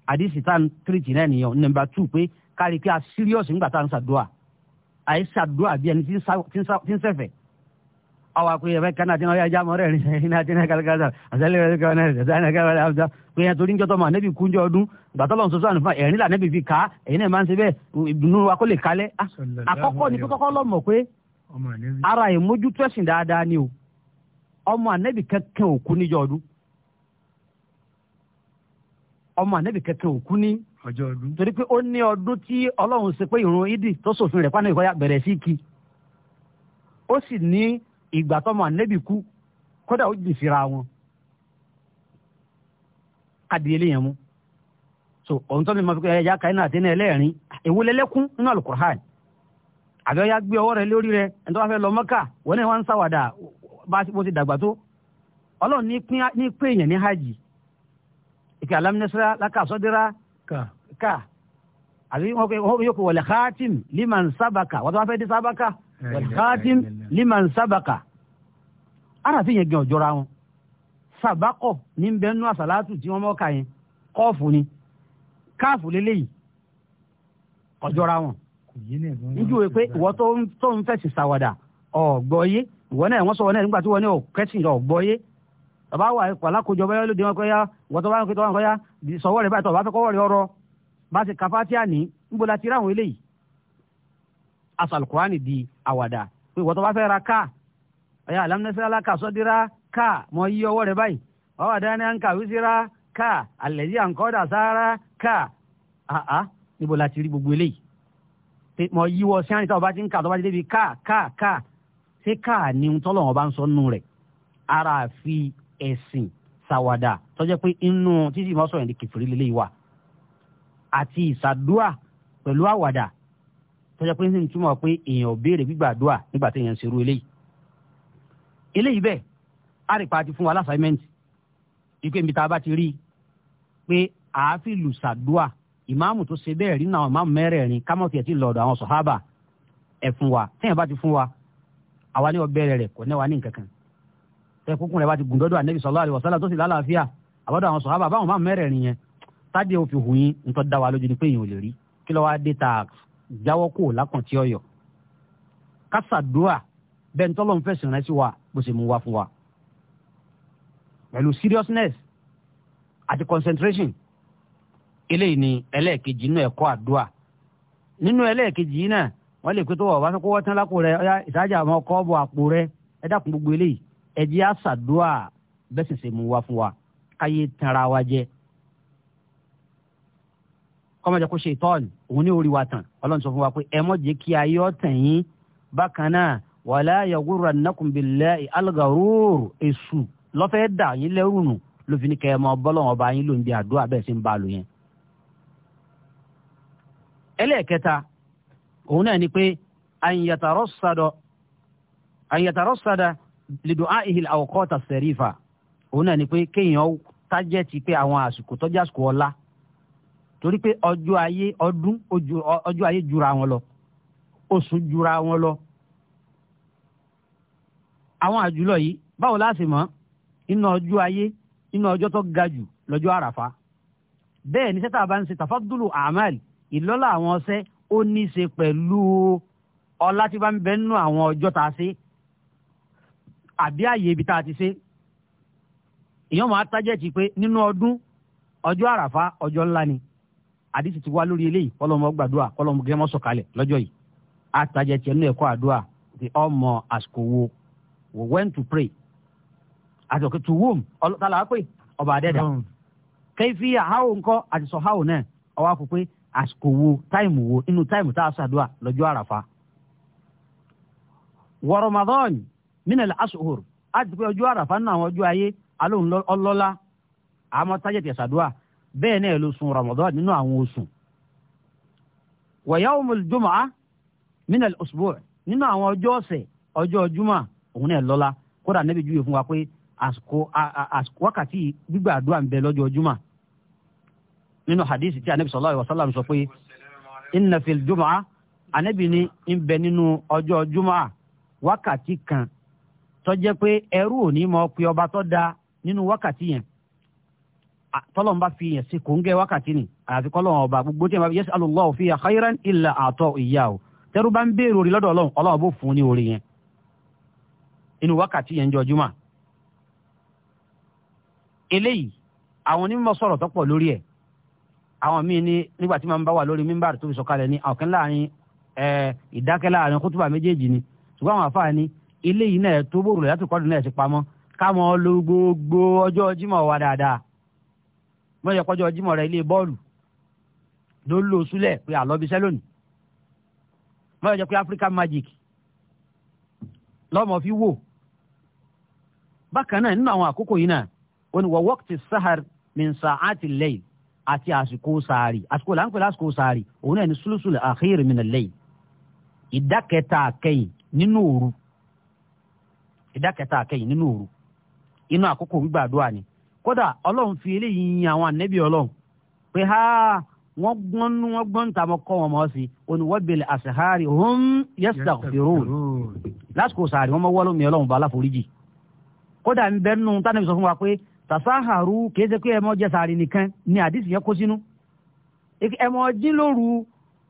àdìsí tá n tírìtì náà nìyẹn nọ́mbà tù pé kárí pé a serious nígbà tá n ṣàdúrà àyè ṣàdúrà bí ẹni tí ń ṣẹ̀fẹ̀ awa ko yẹbẹ kana tina ya jama rẹ ina tina kalkata asali rẹ kaba ne rẹ sani kaba ne abuja ko yẹn torí njọtọ ma ne bi kunjẹ ọdún gbàtọlọ nsọsọ ànífà ẹrin la ne bi fi ka ẹyin náà máa ń ṣe bẹ́ẹ̀ ìdùnnú wa kò lè kalẹ̀ ah, àkọ́kọ́ ni kókó lọ mọ̀ pé ara yẹn mójútó ẹ̀sìn dáadáa ni o ọmọ anabi kankan ò níjọ ọdún ọmọ ànábì kẹta òkú ní. ọjọ́ ọdún. torí pé ó ní ọdún tí ọlọ́run ṣe pé ìrun ìdí tó sòfin rẹ̀ pánà bẹ̀rẹ̀ sí kí. ó sì ní ìgbà tọmọ kú kódà ó síra wọn. so tó ní ma fi ẹ̀yà àti ẹ̀yà ẹlẹ́rìn ìwúlẹ́lẹ́kún nínú gbé ọwọ́ rẹ lórí rẹ ẹni tó bá fẹ́ lọ mọ́kà wọ́n ń sáwàdà ti dàgbà tó ọlọ́run ní pín èèyàn ní ìkà alámínísírà lákà sọdírà ká àbí wọn yóò kó wọlé khatim liman sabaka wọn tó bá fẹ́ di sábàkà wọlé xaatim liman sabaka ara fi yẹn gẹ ọjọra wọn sàbákọ ní bẹ nú àsàlátù tí wọn mọ ká yẹn kọọfù ni káàfù lélẹyìí ọjọra wọn níjú wẹ pé ìwọ tó ń fẹsẹ̀ sàwàdà ọgbọ yé ìwọ náà wọn sọ wọn náà nígbà tí wọn ní ọkẹsìn ọgbọ yé tọba wà pàlákòjọ bẹ́ẹ̀ lóde wọn kọ́yá wọ́n tọba ń kí tọba ń kọ́yá sọ̀wọ́ rẹ̀ báyìí tọba fẹ́ kọ́wọ́ rẹ̀ ọ̀rọ̀ bá ti kàfá tí a ní níbo la ti ráhùn eléyìí asàlùkùránì di awada pé wọ́n tọba fẹ́ ra káà ọ̀yà alámúnẹ́sẹ́lá ká sọ́dírá káà mọ yí ọwọ́ rẹ̀ báyìí ọwọ́ àdáni àǹkà wíṣírá káà àlẹ́yìn àǹkọ́dà sáárá káà àá níbo la ti rí gbogbo eléyìí pé mọ yíwọ sí àyìntà ọba ti ń kà tọba ti débi káà káà káà ṣé káà ni tọ́lọ̀ wọn bá ń ẹ̀sìn sàwàdà tọ́jẹ́ pé inú títí ìmọ̀ sọ̀rọ̀ ní kẹfìrí lélẹ́ ìwà àti ìsàdúà pẹ̀lú àwàdà tọ́jẹ́ pé ń túmọ̀ pé èèyàn béèrè gbígbàdúà nígbà tí èèyàn ń serú eléyìí eléyìí bẹ́ẹ̀ àrìpá ti fún wa lásàmẹ́ǹtì ìpè mi tá a bá ti rí i pé àáfin lùsàdúà ìmáàmù tó ṣe bẹ́ẹ̀ rí náà ìmáàmù mẹ́rẹ̀ẹ̀rin kámọ́ tiẹ̀ lọ́ọ̀dọ̀ àwọn sọ̀hábà ẹ̀ wa tẹ́yìn bá ti fún wa àwa ní ọbẹ̀ rẹ̀ kò náà wà ní nǹkan kan tẹkùnkùn rẹ bá ti gùn dọdọ anabi sallallahu alaihi wasallam tó sì lálàáfíà àbọdọ àwọn sọhábà báwọn máa mẹ́rẹ̀ẹ̀rin yẹn tádé òfin hùn yín ń tọ́ da wa lójú ni pé èèyàn ò lè rí kí lọ́wọ́ adé ta jáwọ́ kó lákàntí ọ̀yọ́ kásàdúà bẹ́ẹ̀ ní tọ́lọ́ ń fẹ̀sìn rẹ sí wa bó ṣe mú wa fún wa pẹ̀lú seriousness àti concentration eléyìí ni ẹlẹ́ẹ̀kejì nínú ẹ̀kọ́ àdúà nínú ẹlẹ́ẹ̀kejì yìí náà wọ́n lè pé tó wọ̀ wá sọ pé wọ́n tán lápò rẹ ìsájà àwọn ọkọ̀ ọ̀bọ̀ àpò rẹ ẹ dákun gbogbo eléyìí ẹ jẹ́ àṣàdúà bẹ́ẹ̀ sì ṣe mú wa fún wa káyé tanra wa jẹ kọ́mọ̀jẹ́ kó ṣe ìtọ́ọ̀lù òun ní orí wa tàn ọlọ́run sọ fún wa pé ẹ mọ̀ jẹ́ kí ayé ọ̀tàn yín bákan náà wàlá yagurrannakum billahi al-gharur èṣù lọ́fẹ́ dà yín lẹ́rù nù ní kẹ́ ẹ mọ yín ló di àdúrà bẹ́ẹ̀ sì ń bá lò yẹn. ẹlẹ́ẹ̀kẹta òun náà ni pé an yatarassada lidu'aihi al-awqat as-sarifa òun náà ni pé kéèyàn tájẹ́tì pé àwọn àsìkò tọ́jú àsìkò ọlá torí pé ọjọ́ ayé ọdún ọjọ́ ayé jura wọn lọ oṣù jura wọn lọ àwọn àjùlọ yìí báwo láti mọ̀ inú ọjọ́ ayé inú ọjọ́ tó ga jù lọ́jọ́ àràfà bẹ́ẹ̀ ni sẹ́tà bá ń ṣe tàfádùlù àmàlì ìlọ́lá àwọn ọṣẹ́ ó ní í ṣe pẹ̀lú ọlá tí bá ń bẹ nínú àwọn ọjọ́ tá a ṣe àbí àyè ibi tá a ti ṣe èèyàn máa tájẹ́tì pé nínú ọdún ọjọ́ àràfá ọjọ́ ńlá ni àdìsí ti wá lórí eléyìí kọlọmọ gbàdúrà kọlọmọ gẹmọ sọ̀kalẹ̀ lọjọ yìí àtàjẹtì ẹnu ẹ̀kọ́ àdúrà the ọmọ àsìkò wo we went to pray àtọkẹ to whom ọlọtàlà á ọba àdẹdà kẹfì àháwò ńkọ́ àti sọháwò náà ọwọ àpò pé àsìkò wo táìmù wo inú táìmù tá a àràfá. minal asuhur a ti pé ọjọ́ àràfà nínú àwọn ọjọ́ ayé alóhùn ọlọ́lá àmọ́ tájẹ̀tì ẹ̀sàdúà bẹ́ẹ̀ náà ló sun ramadan nínú àwọn oṣù wa yawmul jumu'ah minal usbu' nínú àwọn ọjọ́ ọ̀sẹ̀ ọjọ́ juma òun náà lọ́lá kódà wa pé wákàtí gbígbà àdúrà ń bẹ lọ́jọ́ juma nínú hadith tí anabi sọ pé anabi ni ń bẹ nínú juma wákàtí kan tọ́jẹ́ pé ẹrú ò ní mọ pé ọba tó da nínú wákàtí yẹn tọ́lọ́n bá fi yẹn sí kòńgẹ́ wákàtí ni àyàfi kọ́lọ́n ọba gbogbo tí yẹn bá fi yasalullahu fiha khairan illa àtọ́ ìyá o tẹ́rú bá ń béèrè orí lọ́dọ̀ ọlọ́run ọlọ́run bó fún un ní orí yẹn inú wákàtí yẹn jọjúmọ́ eléyìí àwọn onímọ̀ sọ̀rọ̀ tọ́pọ̀ lórí ẹ̀ àwọn míì ní nígbà tí màá ń bá wà lórí eléyìí náà tó bòrò láti kọ́dún náà ti pamọ́ káwọn lo gbogbo ọjọ́ jímọ̀ wa dáadáa wọ́n yẹ kọjọ́ jímọ̀ rẹ ilé bọ́ọ̀lù ló ń lò súlẹ̀ pé àlọ́bíṣẹ́ lónìí wọ́n yẹ pé African Magic lọ́mọ fi wò bákan náà nínú àwọn àkókò yìí náà ó ní wọ́n wọ́ọ̀kì sahar min sa'ati al-layl àti àsìkò sàárì àsìkò láńpẹ́ lásìkò sàárì òun náà ní sùlùsùlù akhir min al-layl ìdá kẹta kẹyìn nínú òru ìdá kẹta àkẹyìn nínú òru inú àkókò gbígbàdúrà ni kódà ọlọ́run fi eléyìí yin àwọn ànẹ́bí ọlọ́run pé ha wọ́n gbọ́n wọ́n gbọ́n ta mọ́ kọ́ wọn mọ́ sí oníwọ́bìlì àṣehárì hum yastaghfirun lásìkò sàárì wọ́n mọ́ wọ́n lómi ọlọ́run bá aláforíjì kódà ń bẹ́ nù tánàbí sọ fún wa pé tàṣáhàrú kìí ṣe pé ẹ mọ́ jẹ sàárì nìkan ni àdìsí yẹn kó sínú ẹ mọ́ jí lóru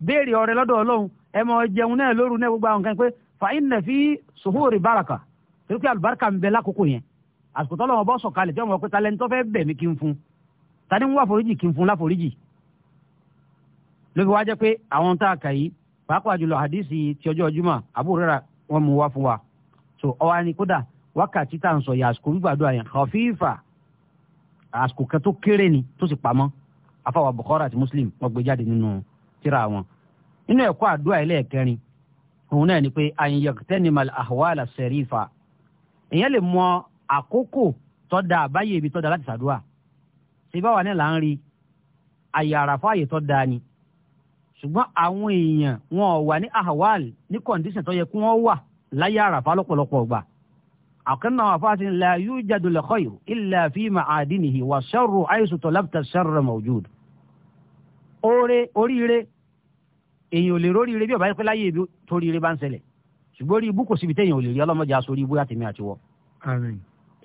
béèrè ọrẹ lọ́dọ̀ ọlọ́run ẹ mọ́ jẹun náà lóru náà gbogbo àwọn kan pé fa inna fi suhuri baraka torí pé àlùbáríkà ń bẹ lákòókò yẹn àsìkò tó lọ́wọ́ bọ́ sọ̀kalẹ̀ tí wọ́n mọ̀ pé talẹ́ni tó fẹ́ bẹ̀ mí kí n fún tani ń wá foríjì kí n fún láforíjì ló wá jẹ́ pé àwọn tá a kà yìí pàápàá jùlọ hadisi ti ọjọ́ juma Abu Hurairah wọn mú wá fún wa so ọwọ́ ni kódà wákàtí tá à ń sọ yìí àsìkò gbígbàdúrà yẹn khafifa àsìkò kan tó kéré ni tó sì pamọ́ afáwà Bukhari àti Muslim wọ́n gbé jáde nínú tírà wọn nínú ẹ̀kọ́ àdúrà ẹlẹ́ẹ̀kẹrin òun náà ni pé an yagtanimal ahwala serifa èèyàn lè mọ àkókò tọ́da àbáyé ibi tọ́da láti ṣàdúrà ṣe báwa náà là ń rí àyè àràfọ́ àyè tọ́da ni ṣùgbọ́n àwọn èèyàn wọn ò wà ní ahawal ní kọ̀ǹdíṣàn tó yẹ kí wọ́n wà láyé àràfọ́ lọ́pọ̀lọpọ̀ ọgbà àkànnà àfáàsì la yujadu al-khayru illa fi ma'adinihi wa sharru aysu talabta sharra mawjud oríire èèyàn ò lè róríire bí ọ̀bá yẹ pé láyé ibi toríire bá ń ṣẹlẹ̀ ṣùgbọ́n orí ibú kò síbi téèyàn ò lè rí ọlọ́mọdé aṣọ orí ibú láti mi àti wọ.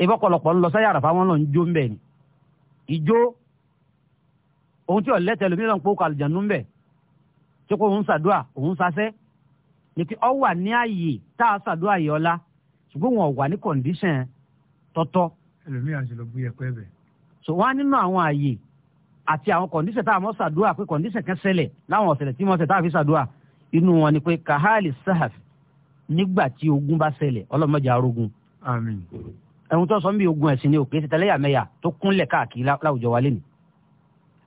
ìbọn ọ̀pọ̀lọpọ̀ ń lọ sáyà àràfà wọn lọ ń jó ń bẹ̀ ni ìjó ohun tí ọ̀lẹ́tẹ̀ lómi náà ń pọ́kọ àlùjánu ń bẹ̀ tí kò ń ṣàdúà òun ṣaṣẹ́ ni pé ọ wà ní ààyè tá a ṣàdúà yìí ọlá ṣùgbọ́n wọn wà ní kọ̀ǹdíṣàn tọ́tọ́. ẹlòmíràn ti lọ bú yẹ pẹ́ sọ wá nínú àwọn ààyè àti àwọn kọ̀ǹdíṣàn tá a mọ̀ ṣàdúà pé kọ̀ǹdíṣàn kan láwọn ọ̀sẹ̀lẹ̀ tí mo ṣẹ̀ tá a fi ṣàdúà inú wọn ni pé kahali sahaf nígbà tí ogun bá ṣẹlẹ̀ ọlọ́mọdé arógun. àmín. ẹ̀hún tó sọ ń bí ogun ẹ̀sìn ni òkè ṣe tẹlẹ́yàmẹ̀yà tó kúnlẹ̀ káàkiri láwùjọ wa lẹ́nu.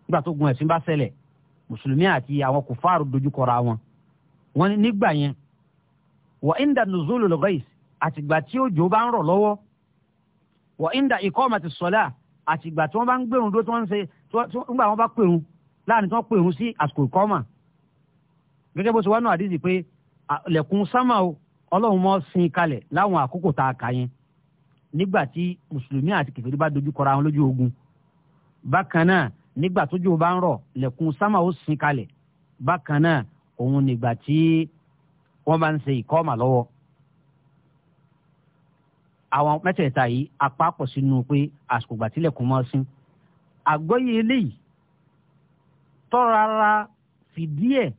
nígbà tó ogun ẹ̀sìn bá ṣẹlẹ̀ mùsùlùmí àti àwọn kùfáàrù dojúkọra wọn. wọ́n ní nígbà yẹn wà ìndà nùzúlù lọ́gọ́ìs àtìgbà tí òjò bá ń rọ̀ lọ́wọ́ wà ìndà ìkọ́màtì sọ́lá àtìgbà tí wọ́n bá ń gbèrún dó tí wọ́n ń ṣe nígbà wọn bá pèrún láàrin tí wọ́n pèrún sí àsìkò ìkọ́mà gẹ́gẹ́ bó ṣe wá náà àdìsí pé lẹ̀kùn sámà o ọlọ́run mọ́ sin kalẹ̀ láwọn àkókò tá a kà yẹn nígbà tí mùsùlùmí àti kèfèrí bá dojú kọra wọn lójú ogun bákan náà nígbà tójú bá ń rọ̀ lẹ̀kùn sámà ó sin kalẹ̀ bákan náà òun nígbà tí wọ́n bá ń ṣe ìkọ́mà lọ́wọ́ àwọn mẹ́tẹ̀ẹ̀ta yìí apapọ̀ sínú pé àsìkò gbà tilẹ̀kùn mọ́ sí àgbọ́yé eléyìí tọ́ra fìdí ẹ̀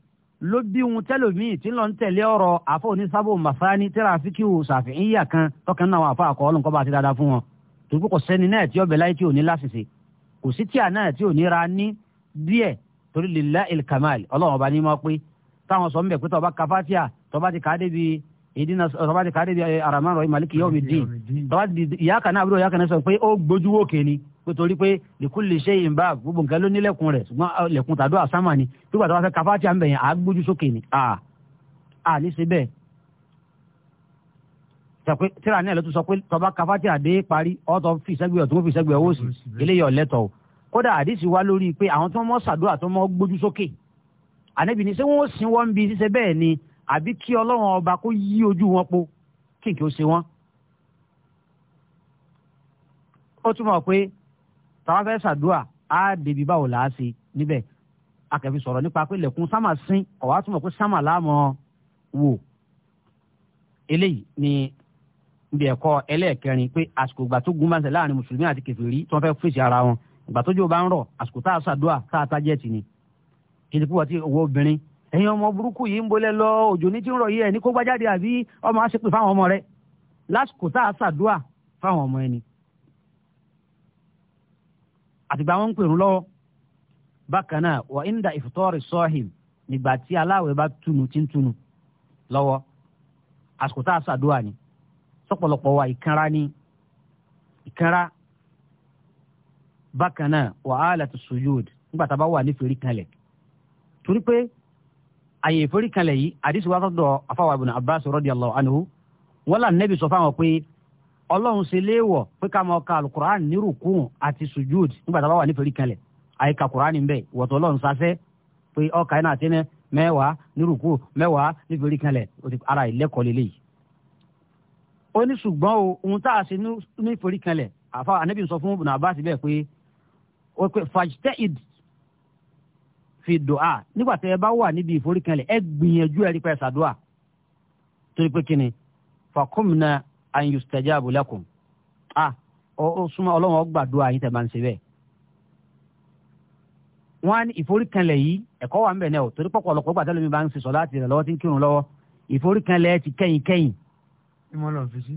ló bí ohun tẹlómiì tí ń lọ ń tẹ̀lé ọ̀rọ̀ àfọ onísábò màfáàní tẹ́ràfíkì wò ṣàfihàn kan tọkàn náà àfọ àkọ́ ọlọ́nkọ́ bá ti dáadáa fún wọn torí kò sẹ́ni náà tí ọbẹ̀ láyé tí ò ní láṣìṣe kò sí tíà náà tí ò ra ní díẹ̀ torí lillah ilkamal ọlọ́run ọba ní mọ́ pé táwọn sọ ń bẹ̀ pé tọba kafatia tọba ti kàádé bi ìdínà tọba ti kàádé bi aramanu rọ maliki yawmi din tọba ti ìyá kan náà àbúrò ìyá kan náà sọ pé ó gbójú wòkè ni torí pé lèkúlè ṣe ìyìnbá gbogbo nǹkan ló nílẹ̀kùn rẹ̀ ṣùgbọ́n ah, lẹ̀kùn tàdó àsámà ni nígbà tó wá fẹ́ káfáàtì àmì ẹ̀yìn àgbójú sókè ni à ní ṣe bẹ́ẹ̀ sọpé tíra náà ló tún sọ pé tọba káfáàtì àdé parí ọ̀tọ̀ fi sẹ́gbẹ̀ ọ̀tún fi sẹ́gbẹ̀ owó sí eléyìí ọ̀lẹ́tọ̀ o kódà àdìsí wá lórí pé àwọn tó mọ́ sàdúrà tó mọ́ gbójú sókè ànábì ni ṣé wọ́n sin wọ́n bí ṣíṣe bẹ́ẹ̀ ni àbí kí ọlọ́run ọba kó yí ojú wọn po kí n kí ó ṣe wọ́n. ó túmọ̀ pé táwa fẹ́ ṣàdúà á débi báwo là á ṣe níbẹ̀ akẹ́fi sọ̀rọ̀ nípa pé lẹ̀kùn sámà sín ọ̀wá túmọ̀ pé sámà láàmọ̀ wò eléyìí ni níbi ẹ̀kọ́ ẹlẹ́ẹ̀kẹrin pé àsìkò ìgbà tó gun bá ń ṣe láàrin mùsùlùmí àti kèfèrí tí wọ́n fẹ́ fèsì ara wọn ìgbà tó jò bá ń rọ̀ àsìkò tá a ṣàdúà tá a tájẹ́ẹ̀tì ni kìdí púpọ̀ tí owó obìnrin ẹ̀yin ọmọ burúkú yìí ń bolẹ̀ lọ òjò ní tí ń rọ̀ yìí ẹ̀ ní kó gbájáde àbí ọmọ àṣepè fáwọn ọmọ rẹ̀ lásìkò tá a ṣàdúà fáwọn ọmọ ẹni àtìgbà wọn ń pèrún lọ́wọ́ bákan náà wà ń da ìfitọ́rì sọ́ọ̀hìm nígbà tí aláwẹ̀ bá túnu tí ń túnu lọ́wọ́ àsìkò tá a ṣàdúrà ni sọ́pọ̀lọpọ̀ wa ìkanra ni ìkanra bákan náà wà á lẹ́tọ̀ sujud nígbà tá a bá wà ní fèrí kanlẹ̀ torí pé àyè ìfèrí kanlẹ̀ yìí àdìsí wa sọ́dọ̀ afáwà ibn Abbas radiyallahu anhu wọ́n là nẹ́bí sọ fáwọn pé ọlọ́run ṣe léèwọ̀ pé ká máa ka alukur'an ní rukun àti sujud nígbà tá a bá wà nífẹ̀ẹ́ kanlẹ̀ àyè ka kur'an ń bẹ̀ wọ̀tọ̀ ọlọ́run sáfẹ́ pé ọkà iná àti mẹ́wàá ní rukun mẹ́wàá nífẹ̀ẹ́ kanlẹ̀ ara ìlẹ́kọ̀ọ́ lélẹ̀ yìí. ó ní ṣùgbọ́n o ohun tá a ṣe nífẹ̀ẹ́ kanlẹ̀ àfa anabi sọ fún bùnà abáṣe bẹ́ẹ̀ pé fajtẹ́id fi dùá nígbà tẹ́ ẹ bá wà níbi ìforíkanlẹ̀ ẹ gbìyànjú ẹ̀rí pẹ́ sàdúà torí pé kíni fàkúmùnà an yustajabu lakum ah ó súnmọ́ ọlọ́run ó gbàdúrà yín tẹ̀ máa ń ṣe bẹ́ẹ̀ wọ́n á ní ìforíkanlẹ̀ yìí ẹ̀kọ́ wà ń bẹ̀ náà torí pọ̀pọ̀lọpọ̀ gbàdúrà mi máa ń ṣe sọ láti rẹ̀ lọ́wọ́ tí ń kírun lọ́wọ́ ìforíkanlẹ̀ ti kẹ́yìn kẹ́yìn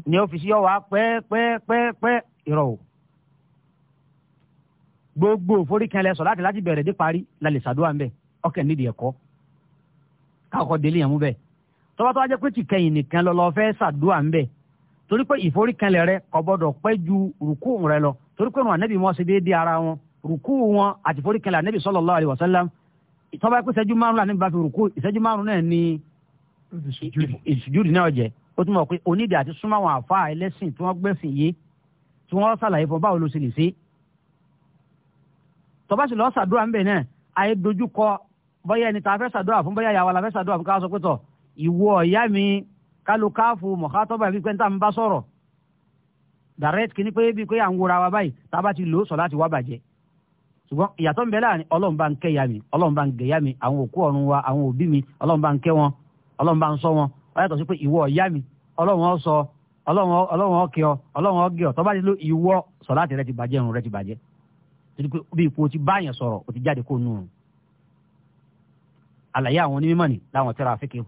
ní ọ́fíìsì yọ wá pẹ́ẹ́pẹ́ẹ́pẹ́ ìrọ̀ o gbogbo ìforíkanlẹ̀ sọ láti láti bẹ̀rẹ̀ dé parí la lè ṣàdúrà ń bẹ̀ torí pé ìforíkanlẹ̀ rẹ kò gbọ́dọ̀ pẹ́ ju rùkú rẹ lọ torí pé wọn ànábì wọn ṣe déédé ara wọn rùkú wọn àti ìforíkanlẹ̀ ànábì sallallahu alaihi wasallam tó bá pé ìṣẹ́jú márùn láti bá fi ìṣẹ́jú márùn náà ni ìṣùjúdì náà jẹ́ ó tún mọ̀ pé onídìí àti súnmọ́ àwọn àfa ẹlẹ́sìn tí wọ́n gbẹ̀sìn yé tí wọ́n ṣàlàyé fún báwo ló ṣe lè ṣe tó bá sì lọ ṣàdúrà ń bẹ̀ náà ayé dojúkọ bóyá ẹni tá a fẹ́ ṣàdúrà fún bóyá ìyàwó la fẹ́ ṣàdúrà fún ká sọ pé tọ̀ ìwọ ìyá mi kálu káfù mọ̀kátọ́bà bíi pé ń tà ń bá sọ̀rọ̀ direct kìíní pé bíi pé à ń wúra wa báyìí tá a bá ti lò ó sọ láti wá bàjẹ́ ṣùgbọ́n ìyàtọ̀ ń bẹ láàrin ọlọ́run bá ń kẹ́ ya mi ọlọ́run bá ń gẹ̀ ya mi àwọn òkú ọ̀run wa àwọn òbí mi ọlọ́run bá ń kẹ́ wọn ọlọ́run bá ń sọ wọn ó yàtọ̀ sí pé ìwọ ọ̀yá mi ọlọ́run ó sọ ọlọ́run ọ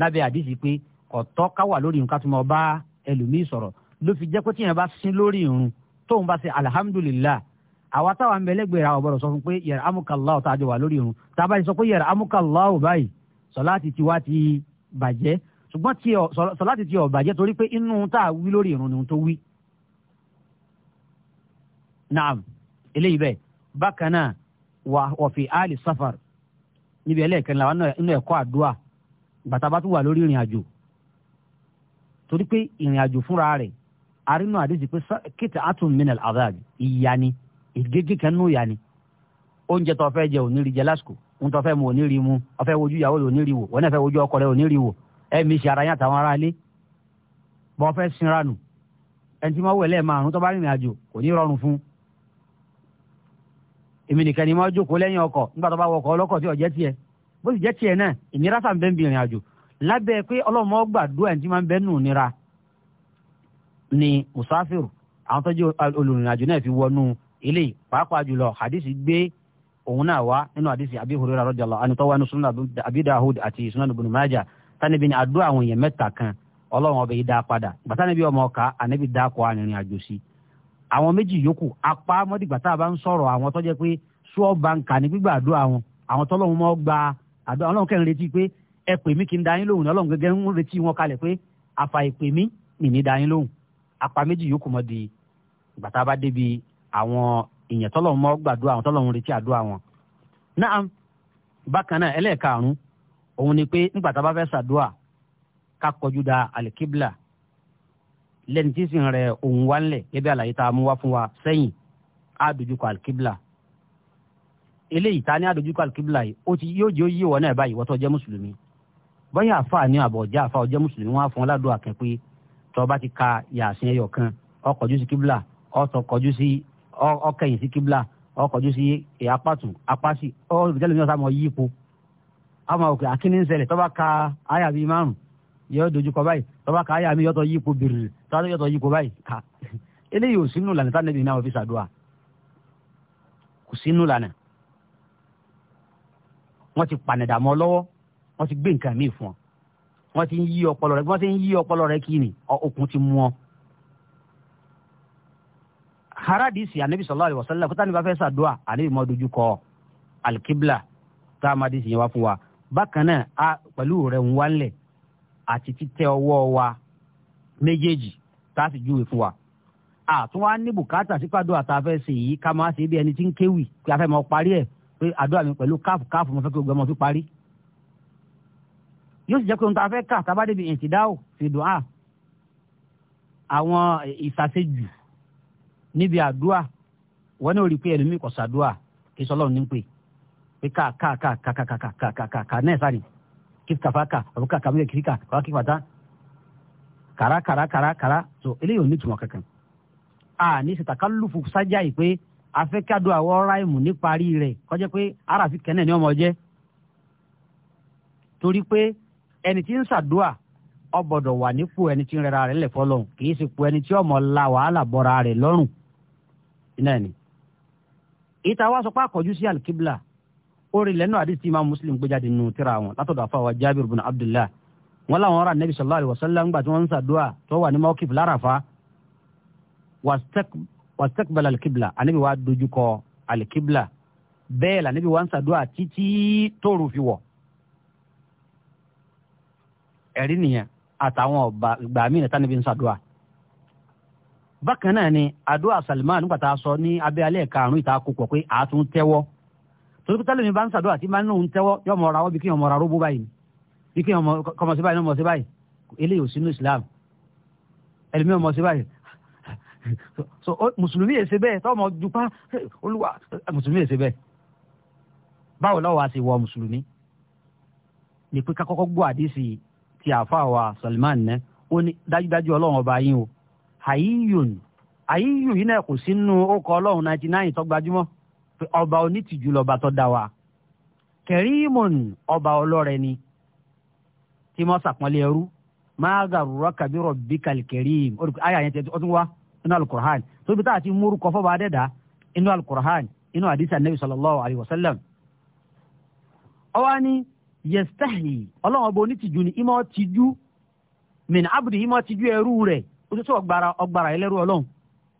lábẹ́ àdìsí pé ọ̀tọ́ káwà lórí nǹkan tó máa bá ẹlòmíì sọ̀rọ̀ ló fi jẹ́ pé tíyẹn bá sin lórí irun tóun bá ṣe alihamudulilayi àwa táwa mẹlẹgbẹrẹ àwọn ọbọdọ sọ fún pé yẹrẹ amukalahu tá a jọ wà lórí irun tá a bá sọ pé yẹrẹ amukalahu báyìí sọláàtì tiwa ti bàjẹ́ ṣùgbọ́n sọláàtì ti ọ̀ bàjẹ́ torí pé inú tá a wí lórí irun ni tó wí. naam eléyìí bẹ́ẹ̀ bákan náà wà wọ̀fì ali safar níbi ẹlẹ́ẹ̀kẹ́ni làwọn inú ẹ̀kọ́ àdúrà bàtà bá tún wà lórí ìrìn àjò torí pé ìrìn àjò fúnra rẹ̀ arínú àdéjì pé kéte atum minel adaj ìyá ni ìgégé kan nù ni oúnjẹ tó fẹ́ jẹ òní rí jẹ lásìkò ń tó fẹ́ mu òní rí mu ọfẹ́ wojú ìyàwó rẹ̀ òní rí wò wọn náà fẹ́ wojú ọkọ rẹ̀ òní rí wò ẹ̀mí ṣe ara yín àtàwọn ará ilé bọ́ fẹ́ sinra nù ẹni tí wọ́n wẹ̀ lẹ́ẹ̀ márùn tó bá rìnrìn àjò kò ní rọrùn fún èmi ni wọ́n jókòó lẹ́yìn ọkọ̀ nígbà tó bá wọkọ̀ ọlọ́kọ̀ tí ọ̀jẹ́ tiẹ̀ bó sì jẹ́ tiẹ̀ náà ìnira sàn bẹ́ẹ̀ ń bìnrin àjò lábẹ́ pé ọlọ́mọ gbàdúrà ẹni tí máa ń bẹ́ẹ̀ nù nira ni musafiru àwọn tó jẹ́ olùrìnàjò náà fi wọnú ilé pàápàá jùlọ hadisi gbé òun náà wá nínú hadisi abi hurera radiyallahu anhu tó wà nínú sunan abi dahud àti sunan ibn majah tánibí ni àdúrà àwọn èèyàn mẹ́ta kan ọlọ́run ọbẹ̀ yìí dá padà gbàtánibí ọmọ ọ̀ka ànábì dá kọ arìnrìn àjò sí àwọn méjì yòókù apá mọ́dìgbà tá a bá ń sọ̀rọ̀ àwọn tó jẹ́ pé sọ́ọ̀bà ń kà ní gbígbà àdúrà wọn àwọn tọ́lọ́run mọ́ gba àbí ọlọ́run kẹ́rin retí pé ẹ pè mí kí n da yín lóhùn ní ọlọ́run gẹ́gẹ́ ń retí wọn kalẹ̀ pé àfà ìpè mí mi ní da yín lóhùn apá méjì yòókù mọ́ di ìgbà tá a bá débi àwọn èèyàn tọ́lọ́run mọ́ gbàdúrà àwọn tọ́lọ́run retí àdúrà wọn. náà bákan náà ẹlẹ́ẹ̀karùn-ún òun ni pé nígbà tá bá fẹ́ sàdúà ká kọjú da àlìkíbìlà lẹ́ni tí sì ń rẹ òun wá ńlẹ̀ gẹ́gẹ́ àlàyé tá a mú wá fún wa sẹ́yìn á dojúkọ àlìkíbìlà eléyìí ta ní àdójúkọ alikibla yìí ó ti yóò jẹ́ ó yí ìwọ náà báyìí wọ́tọ̀ jẹ́ mùsùlùmí bọ́yá àfa ní àbọ̀ ọ̀já àfa ọjẹ́ mùsùlùmí wọn á fún ọ ládùn àkàn pé tó ti ka yàsìn ẹyọ kan ó sí kibla ọtọ kọjú sí ọkẹyìn sí kibla ó kọjú sí apátùn apásì ọ̀rẹ́dẹ́lẹ́ ní ọ̀sán mọ̀ yí ipò àmọ́ òkè àkíní ń ṣẹlẹ̀ tó ka àyà bíi márùn yóò dojúkọ báyìí tó ka àyà mi yọtọ̀ yí ipò bìrì tó yọtọ̀ yí ipò báyìí ká eléyìí ò sínú lànà wọ́n ti pànẹ̀dà mọ́ lọ́wọ́ wọ́n ti gbé nǹkan míì fún ọ wọ́n ti ń yí ọpọlọ rẹ wọ́n ti ń yí ọpọlọ rẹ kí ni okùn ti mú ọ. haradisi anabi sallallahu alaihi wasallam kótó nípa fẹ́ sàdúà anabi mọ́ dojú kọ alikibla tá a máa di sìyẹn fún wa bákan náà a pẹ̀lú rẹ̀ ń wálẹ̀ àti títẹ ọwọ́ wa méjèèjì tá a sì júwe fún wa àtúnwá ní bùkátà sípàdó àtàfẹ́ sèyí ká máa ṣe bí ẹni tí ń kéwì kí a fẹ́ máa parí ẹ̀ pé àdúrà mi pẹ̀lú káàfù káàfù mo fẹ́ kí gbogbo ọmọ fi parí yóò sì jẹ́ pé ohun tá a fẹ́ kà tá a bá débi ìtìdáwò fi dùn á àwọn ìsàsejù níbi àdúrà wọn ní orí pé ẹlòmíì kò sàdúrà kí sọlọ́run ní pè pé ká ká ká ká ká ká ká ká ká ká náà sáré kí kàfá ká àbúkà kàkà mílẹ̀ kìríkà kàwá kí pàtá kàrà kàrà kàrà kàrà tó eléyìí ò ní ìtumọ̀ kankan. a ní sèta kálùfù sájà yìí pé afẹ́kádùn àwọ̀ ráìmù níparí rẹ̀ kọjá pé arafi kẹ́nẹ̀ ni ọmọ jẹ́ torí pé ẹni tí ń ṣàdúà ọgbọ́dọ̀ wà nípò ẹni tí ń rẹra rẹ̀ lẹ̀ fọlọ́hùn kì í sì po ẹni tí ọmọ la wàhálà bọ́ra rẹ̀ lọ́rùn iná ẹni. ìta wa sọ pé àkọ́jú sí alikibla orí lẹ́nu àdìs tí imaamu muslim gbé jáde nù tíra wọn látọ̀dọ̀ àfàwà jábìr bin abdullah wọn làwọn ará nabi sallallahu alayhi wa sallam gbà tí wọ́n ń ṣàdúà tó wà ní mawkif lárafa wàsítakbala alikibla anabi wa dojúkọ alikibla bẹ́ẹ̀ la anabi wa ń sàdúrà títí tóoru fi wọ̀ ẹ̀rí nìyẹn àtàwọn gbàmí nìta níbi ń sàdúrà bákan náà ni àdúrà Salman nígbà tá a sọ ní abẹ́ alẹ́ karùn-ún ìta kó pọ̀ pé a tún tẹ́wọ́ torí pété bá ń sàdúrà tí máa ń tẹ́wọ́ yọ ọ̀rọ̀ àwọn bí kí ọ̀rọ̀ arúgbó báyìí bí kí kọmọ sí báyìí ọmọ sí báyìí eléyìí ò sínú Islam ẹlòmí ọmọ sí báyìí so mùsùlùmí yẹn ṣe bẹ́ẹ̀ tọ́mọ dupá olúwa mùsùlùmí yẹn ṣe bẹ́ẹ̀ báwo lọ́wọ́ a ṣe wọ mùsùlùmí ni pé kakọ́kọ́ gbọ́ àdísì ti àfa wa Salman nẹ́ ó ní dájúdájú ọlọ́run ọba yín o àyíyùn àyíyù yìí náà kò sínú ọkọ̀ ọlọ́run ninety nine tó gbajúmọ́ pé ọba onítìjú lọ́ba tó dá wa kẹrìmùn ọba ọlọ́rẹ ni tí wọ́n ṣàpọ́nlé ẹrú máa gàrúrọ́ kàbí rọ̀bì kàlìkẹrìm ọdún ayà yẹn ọdún wa inú alukur'an tó bí táà ti múrú kọ́ fọ́ba adẹ́dá inú alukur'an inú àdìsá nabi sallallahu alayhi wa sallam. ọwọ́ ni yestahi ọlọ́run ọba onítìjú ni ìmọ̀ tìjú min abdi ìmọ̀ tìjú ẹrú rẹ̀ ó ti sọ ọgbàrà ọgbàrà ẹlẹ́rú ọlọ́run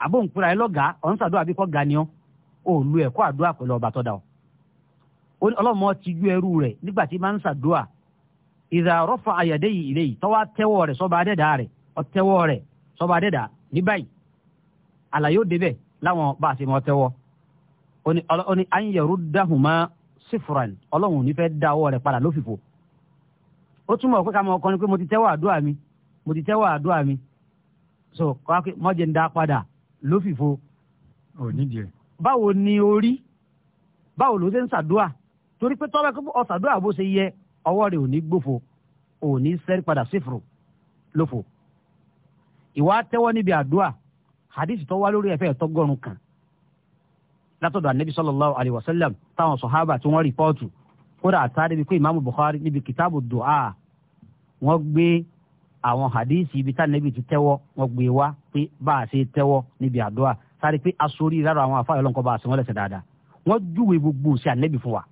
àbó nkúra ẹlọ́gàá ọ̀nsàdó àbíkọ́ ganiọ́ òòlù ẹ̀kọ́ àdúrà pẹ̀lú ọba tọ́da ọ. ọlọ́mọ ti ju ẹrú rẹ̀ nígbà tí máa ń sàdúà ìdá rọ́fà àyàdé yìí ilé yìí tọ́wọ́ tẹ́wọ́ rẹ̀ sọ́ba adẹ́dà rẹ̀ ọ̀tẹ́wọ́ rẹ̀ sọ́ba adẹ́dà ní báyìí àlàyé ó débẹ̀ láwọn bá a ṣe mọ́ tẹ́wọ́ ó ní ayẹ̀rú dáhùnmá sífùràn ọlọ́run ò ní fẹ́ dá ọwọ́ rẹ̀ padà lófìfò ó túmọ̀ pé ká mọ ọkọ ni pé mo ti tẹ́wọ́ àdúrà mi mo ti tẹ́wọ́ àdúrà mi so kọ́kí mọ́jẹ̀ ń dá padà lófìfò. báwo ni orí báwo ló ṣe ń ṣàdúrà torí pé tọ́lá ọ̀ṣàdúrà bó ṣe yẹ ọwọ́ rẹ̀ ò ní gbòfò ò ní sẹ́rí padà sífùrù lófò ìwà tẹ́wọ́ níbi àdúrà hadith tó wá lórí ẹ̀fẹ́ tọ́gọ́rùn kan látọ̀dọ̀ anabi sallallahu alayhi wa sallam táwọn sọ̀hábà tí wọ́n rìpọ́ọ̀tù kódà àtàrí bíi pé ìmáàmù bukhari níbi kìtàbù du'a wọ́n gbé àwọn hadith ibi tá anabi ti tẹ́wọ́ wọ́n gbé wá pé bá a ṣe tẹ́wọ́ níbi àdúrà sáré pé asorí lára àwọn afáyọ̀ lọ́nkọ́ bá a sìn wọ́n lẹ́sẹ̀ dáadáa wọ́n júwe gbogbo sí anabi fún wa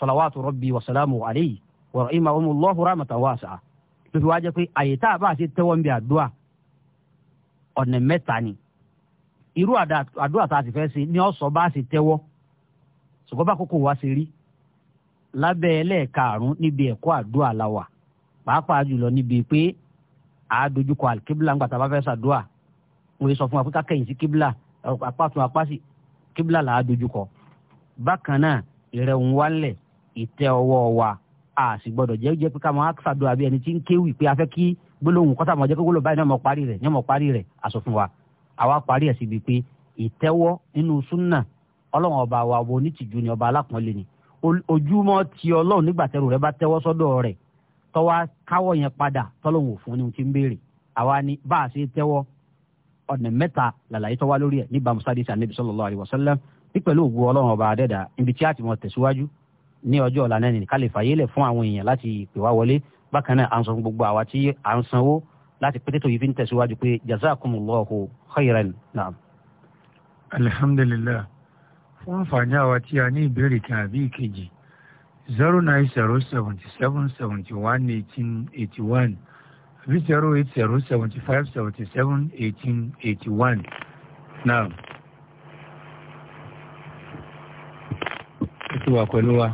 salawatu rabbi wa salamu alayhi wa rahimahumullahu rahmatan wasi'a lófi wá pé àyè tá a bá a ṣe tẹ́wọ́ níbi àdúrà ọ̀nà mẹ́ta ni irú àdúrà tá a sì fẹ́ ṣe ni ọ̀sọ̀ bá a sì tẹ́wọ́ ṣùgbọ́n bá kókò wá sí rí lábẹ́ ẹlẹ́ẹ̀karùn-ún níbi ẹ̀kọ́ àdúrà la wà pàápàá jùlọ níbi pé a dojúkọ alikibla ńgbà tá a bá fẹ́ ṣàdúrà wọ́n sọ fún wa pé ká sí kibla apá tún apá sí kibla là á dojúkọ bákan náà ìrẹ̀wọ̀n wálẹ̀ ìtẹ́ ọwọ́ wa a sì gbọ́dọ̀ jẹ́ jẹ́ pé ká máa ṣàdúrà bí ẹni tí ń kéwì pé a fẹ́ kí gbólóhùn kọ́tà mọ̀ jẹ́ pé gbólóhùn báyìí ní ọmọ parí rẹ̀ ní ọmọ parí rẹ̀ aṣọ wa àwa parí ẹ̀ síbi pé ìtẹ́wọ́ nínú súnà ọlọ́run ọba wa wo onítìjú ni ọba alákùnrin ni ojúmọ́ ti ọlọ́run nígbà tẹ́rù rẹ bá tẹ́wọ́ sọ́dọ̀ rẹ̀ tọ́wá káwọ́ yẹn padà tọ́lọ́run òfun ni mo ti ń béèrè àwa ni bá a ṣe tẹ́wọ́ ọ̀nà mẹ́ta làlàyé tọ́wá lórí ẹ̀ níbàámu sáadé sàn níbi sallallahu alaihi wasallam ní pẹ̀lú ògbó ọlọ́run ọba adẹ́dà ibi tí a ti mọ̀ tẹ̀síwájú ní ọjọ́ ọ̀la náà nìkan lè fàyè lẹ̀ fún àwọn èèyàn láti pè wá wọlé bákan náà à ń sọ fún gbogbo àwa tí à ń sanwó láti pété tó yìí fi ń tẹ̀síwájú pé jazakumullahu khairan naam. alhamdulilayi fún àǹfààní àwa tí a ní ìbéèrè kan àbí ìkejì zero nine zero seventy seven seventy one eighteen eighty one àbí zero eight zero seventy five seventy seven eighteen eighty one naam. ẹ ti wà pẹ̀lú wa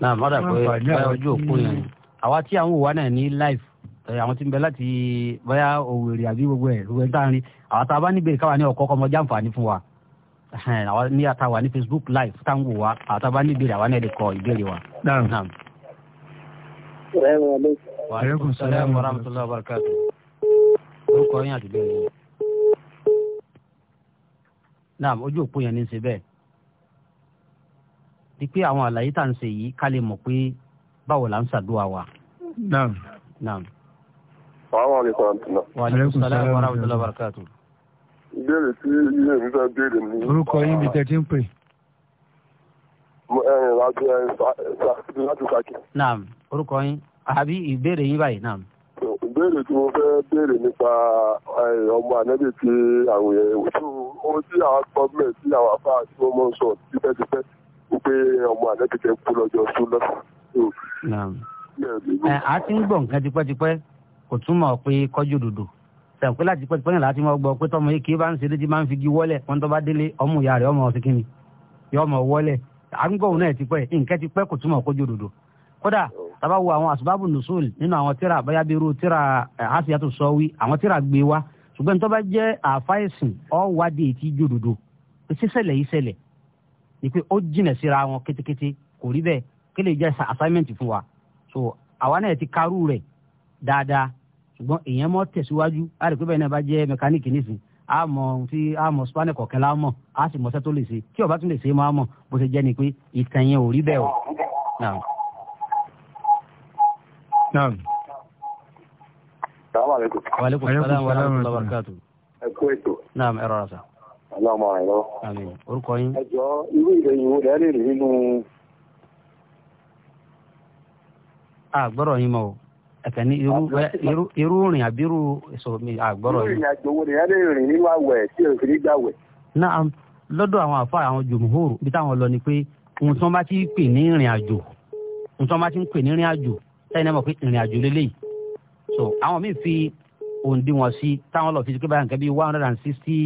náà fọdà pé báyà ojú òkú yẹn àwa tí àwọn òwà náà ní life àwọn tí ń bẹ láti báyà òwèrè àbí gbogbo ẹ gbogbo ẹ tá a rin àwa tá a bá níbèrè káwa ní ọkọ ọkọ ọmọdé àǹfààní fún wa àwa ní àtàwà ní Facebook live táwọn wò wá àwa tá a bá níbèrè àwa náà lè kọ ìbéèrè wa. wa aleykum salaam ojú òpó yẹn ní í ṣe bẹ́ẹ̀ di pé àwọn àlàyé tá à ń ṣe yìí ká lè mọ̀ pé báwo la ń ṣàdúrà wa. naam. naam. wàhálà ní sàràǹtìlá. wàhálà ní sàràǹtìlá wàhálà ní sàràǹtìlá ìbéèrè sí ilé mi fẹ́ béèrè ní. orúkọ yín bíi tẹ́tí ń pè. láti láti sàkí. naam orúkọ yín àbí ìbéèrè yín báyìí naam. ìbéèrè tí mo fẹ́ béèrè nípa ọmọ ànẹ́bí ti àwọn èèyàn ohun tí àwọn gọ́ọ̀mẹ̀ntì tí wọ́n mọ̀ pé ọmọ àlẹ́bí tẹ kú lọ́jọ́ súnlọ́. a ti ń gbọ́ nǹkan tipẹ́tipẹ́ kò túmọ̀ pé kọ́jú dòdò sẹ̀ǹpẹ́ láti pẹ́tipẹ́ náà láti máa gbọ́ pé tọmọ yìí kì í bá ń ṣe létí máa ń fi gi wọ́lẹ̀ wọn tó bá délé ọmọ ìyá rẹ̀ ọmọ ọ̀sìn kìíní yọ ọmọ wọ́lẹ̀ a ń gbọ́ òun náà tipẹ́ nǹkan tipẹ́ kò túmọ̀ kọ́jú dòdò kódà tàbá wo àwọn àsùbábù nùsùl nínú àwọn tíra bóyá bí irú tíra àṣìyàtò sọ wí àwọn tíra gbé wa ṣùgbọ́n tó bá jẹ́ àfáìsìn ọ̀wádìí ti jòdòdò ṣíṣẹ̀lẹ̀ yìí ṣẹlẹ̀ ìpè ó jìnà síra wọn kétékété kò rí bẹ́ẹ̀ kí lè jẹ́ assignment fún wa so àwa náà ti kárú rẹ̀ dáadáa ṣùgbọ́n èèyàn mọ́ tẹ̀síwájú á rí pé bẹ́ẹ̀ náà bá jẹ́ mẹkáníìkì nísìn á mọ tí á mọ spanish kọ̀ọ̀kan lá mọ̀ á sì mọ̀ṣẹ́ tó lè ṣe tí ọba tún lè ṣe máa mọ̀ bó ṣe jẹ́ ni pé ìtàn yẹn ò rí bẹ́ẹ̀ o. naam. salaamaleykum. waaleykum salaam wa rahmatulahi wa barakatu. ẹ kú ètò. naam ẹ rọra sa ọlọ́mọ rẹ̀ lọ. orúkọ yín. ẹ jọ irú ìròyìn wo lẹ́rìn rí nínú. àgbọ̀rọ̀ yín mọ̀ o ẹ̀kẹ́ ní irú irú rìn àbí irú ìṣòro mi àgbọ̀rọ̀ yín. irú ìrìn àjò wo ni lẹ́rìn rìn nínú àwẹ̀ tí o fi ní gbà wẹ̀. náà lọ́dọ̀ àwọn àfa àwọn jòmùhóòrò bí táwọn lọ ni pé ohun tí wọ́n bá ti pè ní ìrìn àjò ohun tí wọ́n bá ti pè ní ìrìn àjò sẹ́yìn náà mọ̀ pé ìrìn àjò lélẹ́yìí so àwọn míì fi òǹdíwọ̀n sí táwọn lọ fi ṣe pé báyà nǹkan bíi one hundred and sixty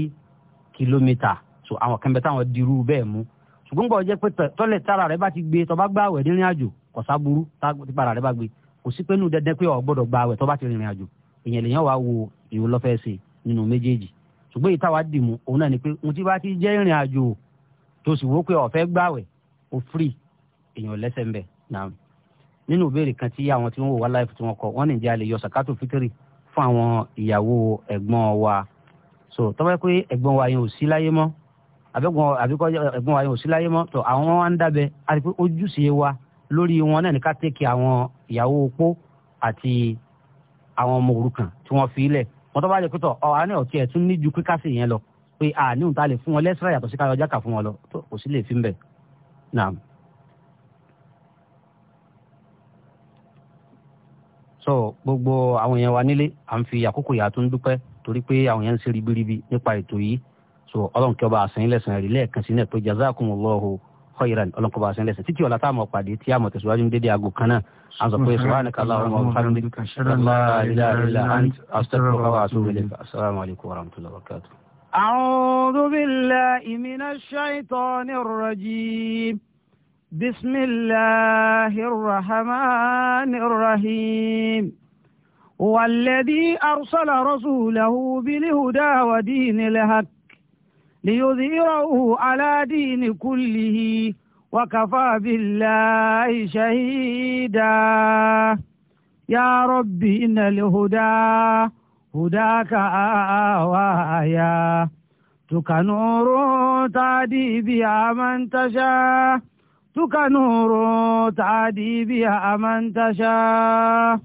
kìlómítà so àwọn kan bẹ táwọn dirú bẹ́ẹ̀ mú ṣùgbọ́n gbọ́ jẹ́ pé tọ́lẹ̀ tára rẹ bá ti gbé tọ́ bá gbà wẹ̀ rìnrìn àjò kò sábúrú tára rẹ bá gbé kò sí pé nù dẹdẹ pé o gbọ́dọ̀ gbà wẹ̀ tọ́ bá ti rìnrìn àjò èèyàn lèèyàn wá wo ìwò lọ́fẹ́ ṣe nínú méjèèjì ṣùgbọ́n ìta wa dì mú òun náà ni pé ohun tí bá ti jẹ́ ìrìn àjò tó sì wó pé o fẹ́ gbà wẹ̀ firi èèyàn lẹ́sẹ̀ ńbẹ̀ náà nínú ìbéèrè kan tí àwọn tí wọ́n wò wá láìpẹ́ tí wọ́n kọ wọ́n ní ìjà lè yọ sàkátù fitiri fún àwọn ìyàwó ẹ̀gbọ́n wa so tọ́wọ́ pé ẹ̀gbọ́n wa yẹn ò sí láyé mọ́ àbẹ̀gbọ́n àbíkọ́ ẹ̀gbọ́n wa yẹn ò sí láyé mọ́ tó àwọn wa ń dábẹ́ àti pé ojúṣe wa lórí wọn náà ní ká tẹ́kì àwọn ìyàwó opó àti àwọn ọmọ òrukàn tí wọ́n fi ilẹ̀ wọ́n tó bá jẹ́ pẹ́tọ̀ ọ̀hán ní ọ̀kẹ́ tún ní ju kíkásì yẹn lọ pé àní òun ta lè fún wọn lẹ́sìrà yàtọ̀ sí káyọ̀ jákà fún wọn lọ kò sí lè fi bẹ̀ náà. so gbogbo àwọn èèyàn wa nílé à ń fi àkókò yà ń dúpẹ́ torí pé àwọn yẹn ń ṣe ribiribi nípa ètò yìí so ọlọ́run kí ọba àsán lẹ́sàn rí lẹ́ẹ̀kan sí náà pé jazakumullahu khairan ọlọ́run kí ọba àsán lẹ́sàn títí ọ̀la tá a mọ̀ pàdé tí a mọ̀ tẹ̀síwájú dédé aago kan náà a sọ pé subhanaka allahumma wa bihamdika la ilaha illa أعوذ بالله من الشيطان الرجيم بسم الله الرحمن الرحيم هو الذي أرسل رسوله بالهدى ودين الحق ليظهره على دين كله وكفى بالله شهيدا يا ربي إن الهدى هداك آوايا تك نور تعدي بها من تشاء تك نور تعدي بها من تشاء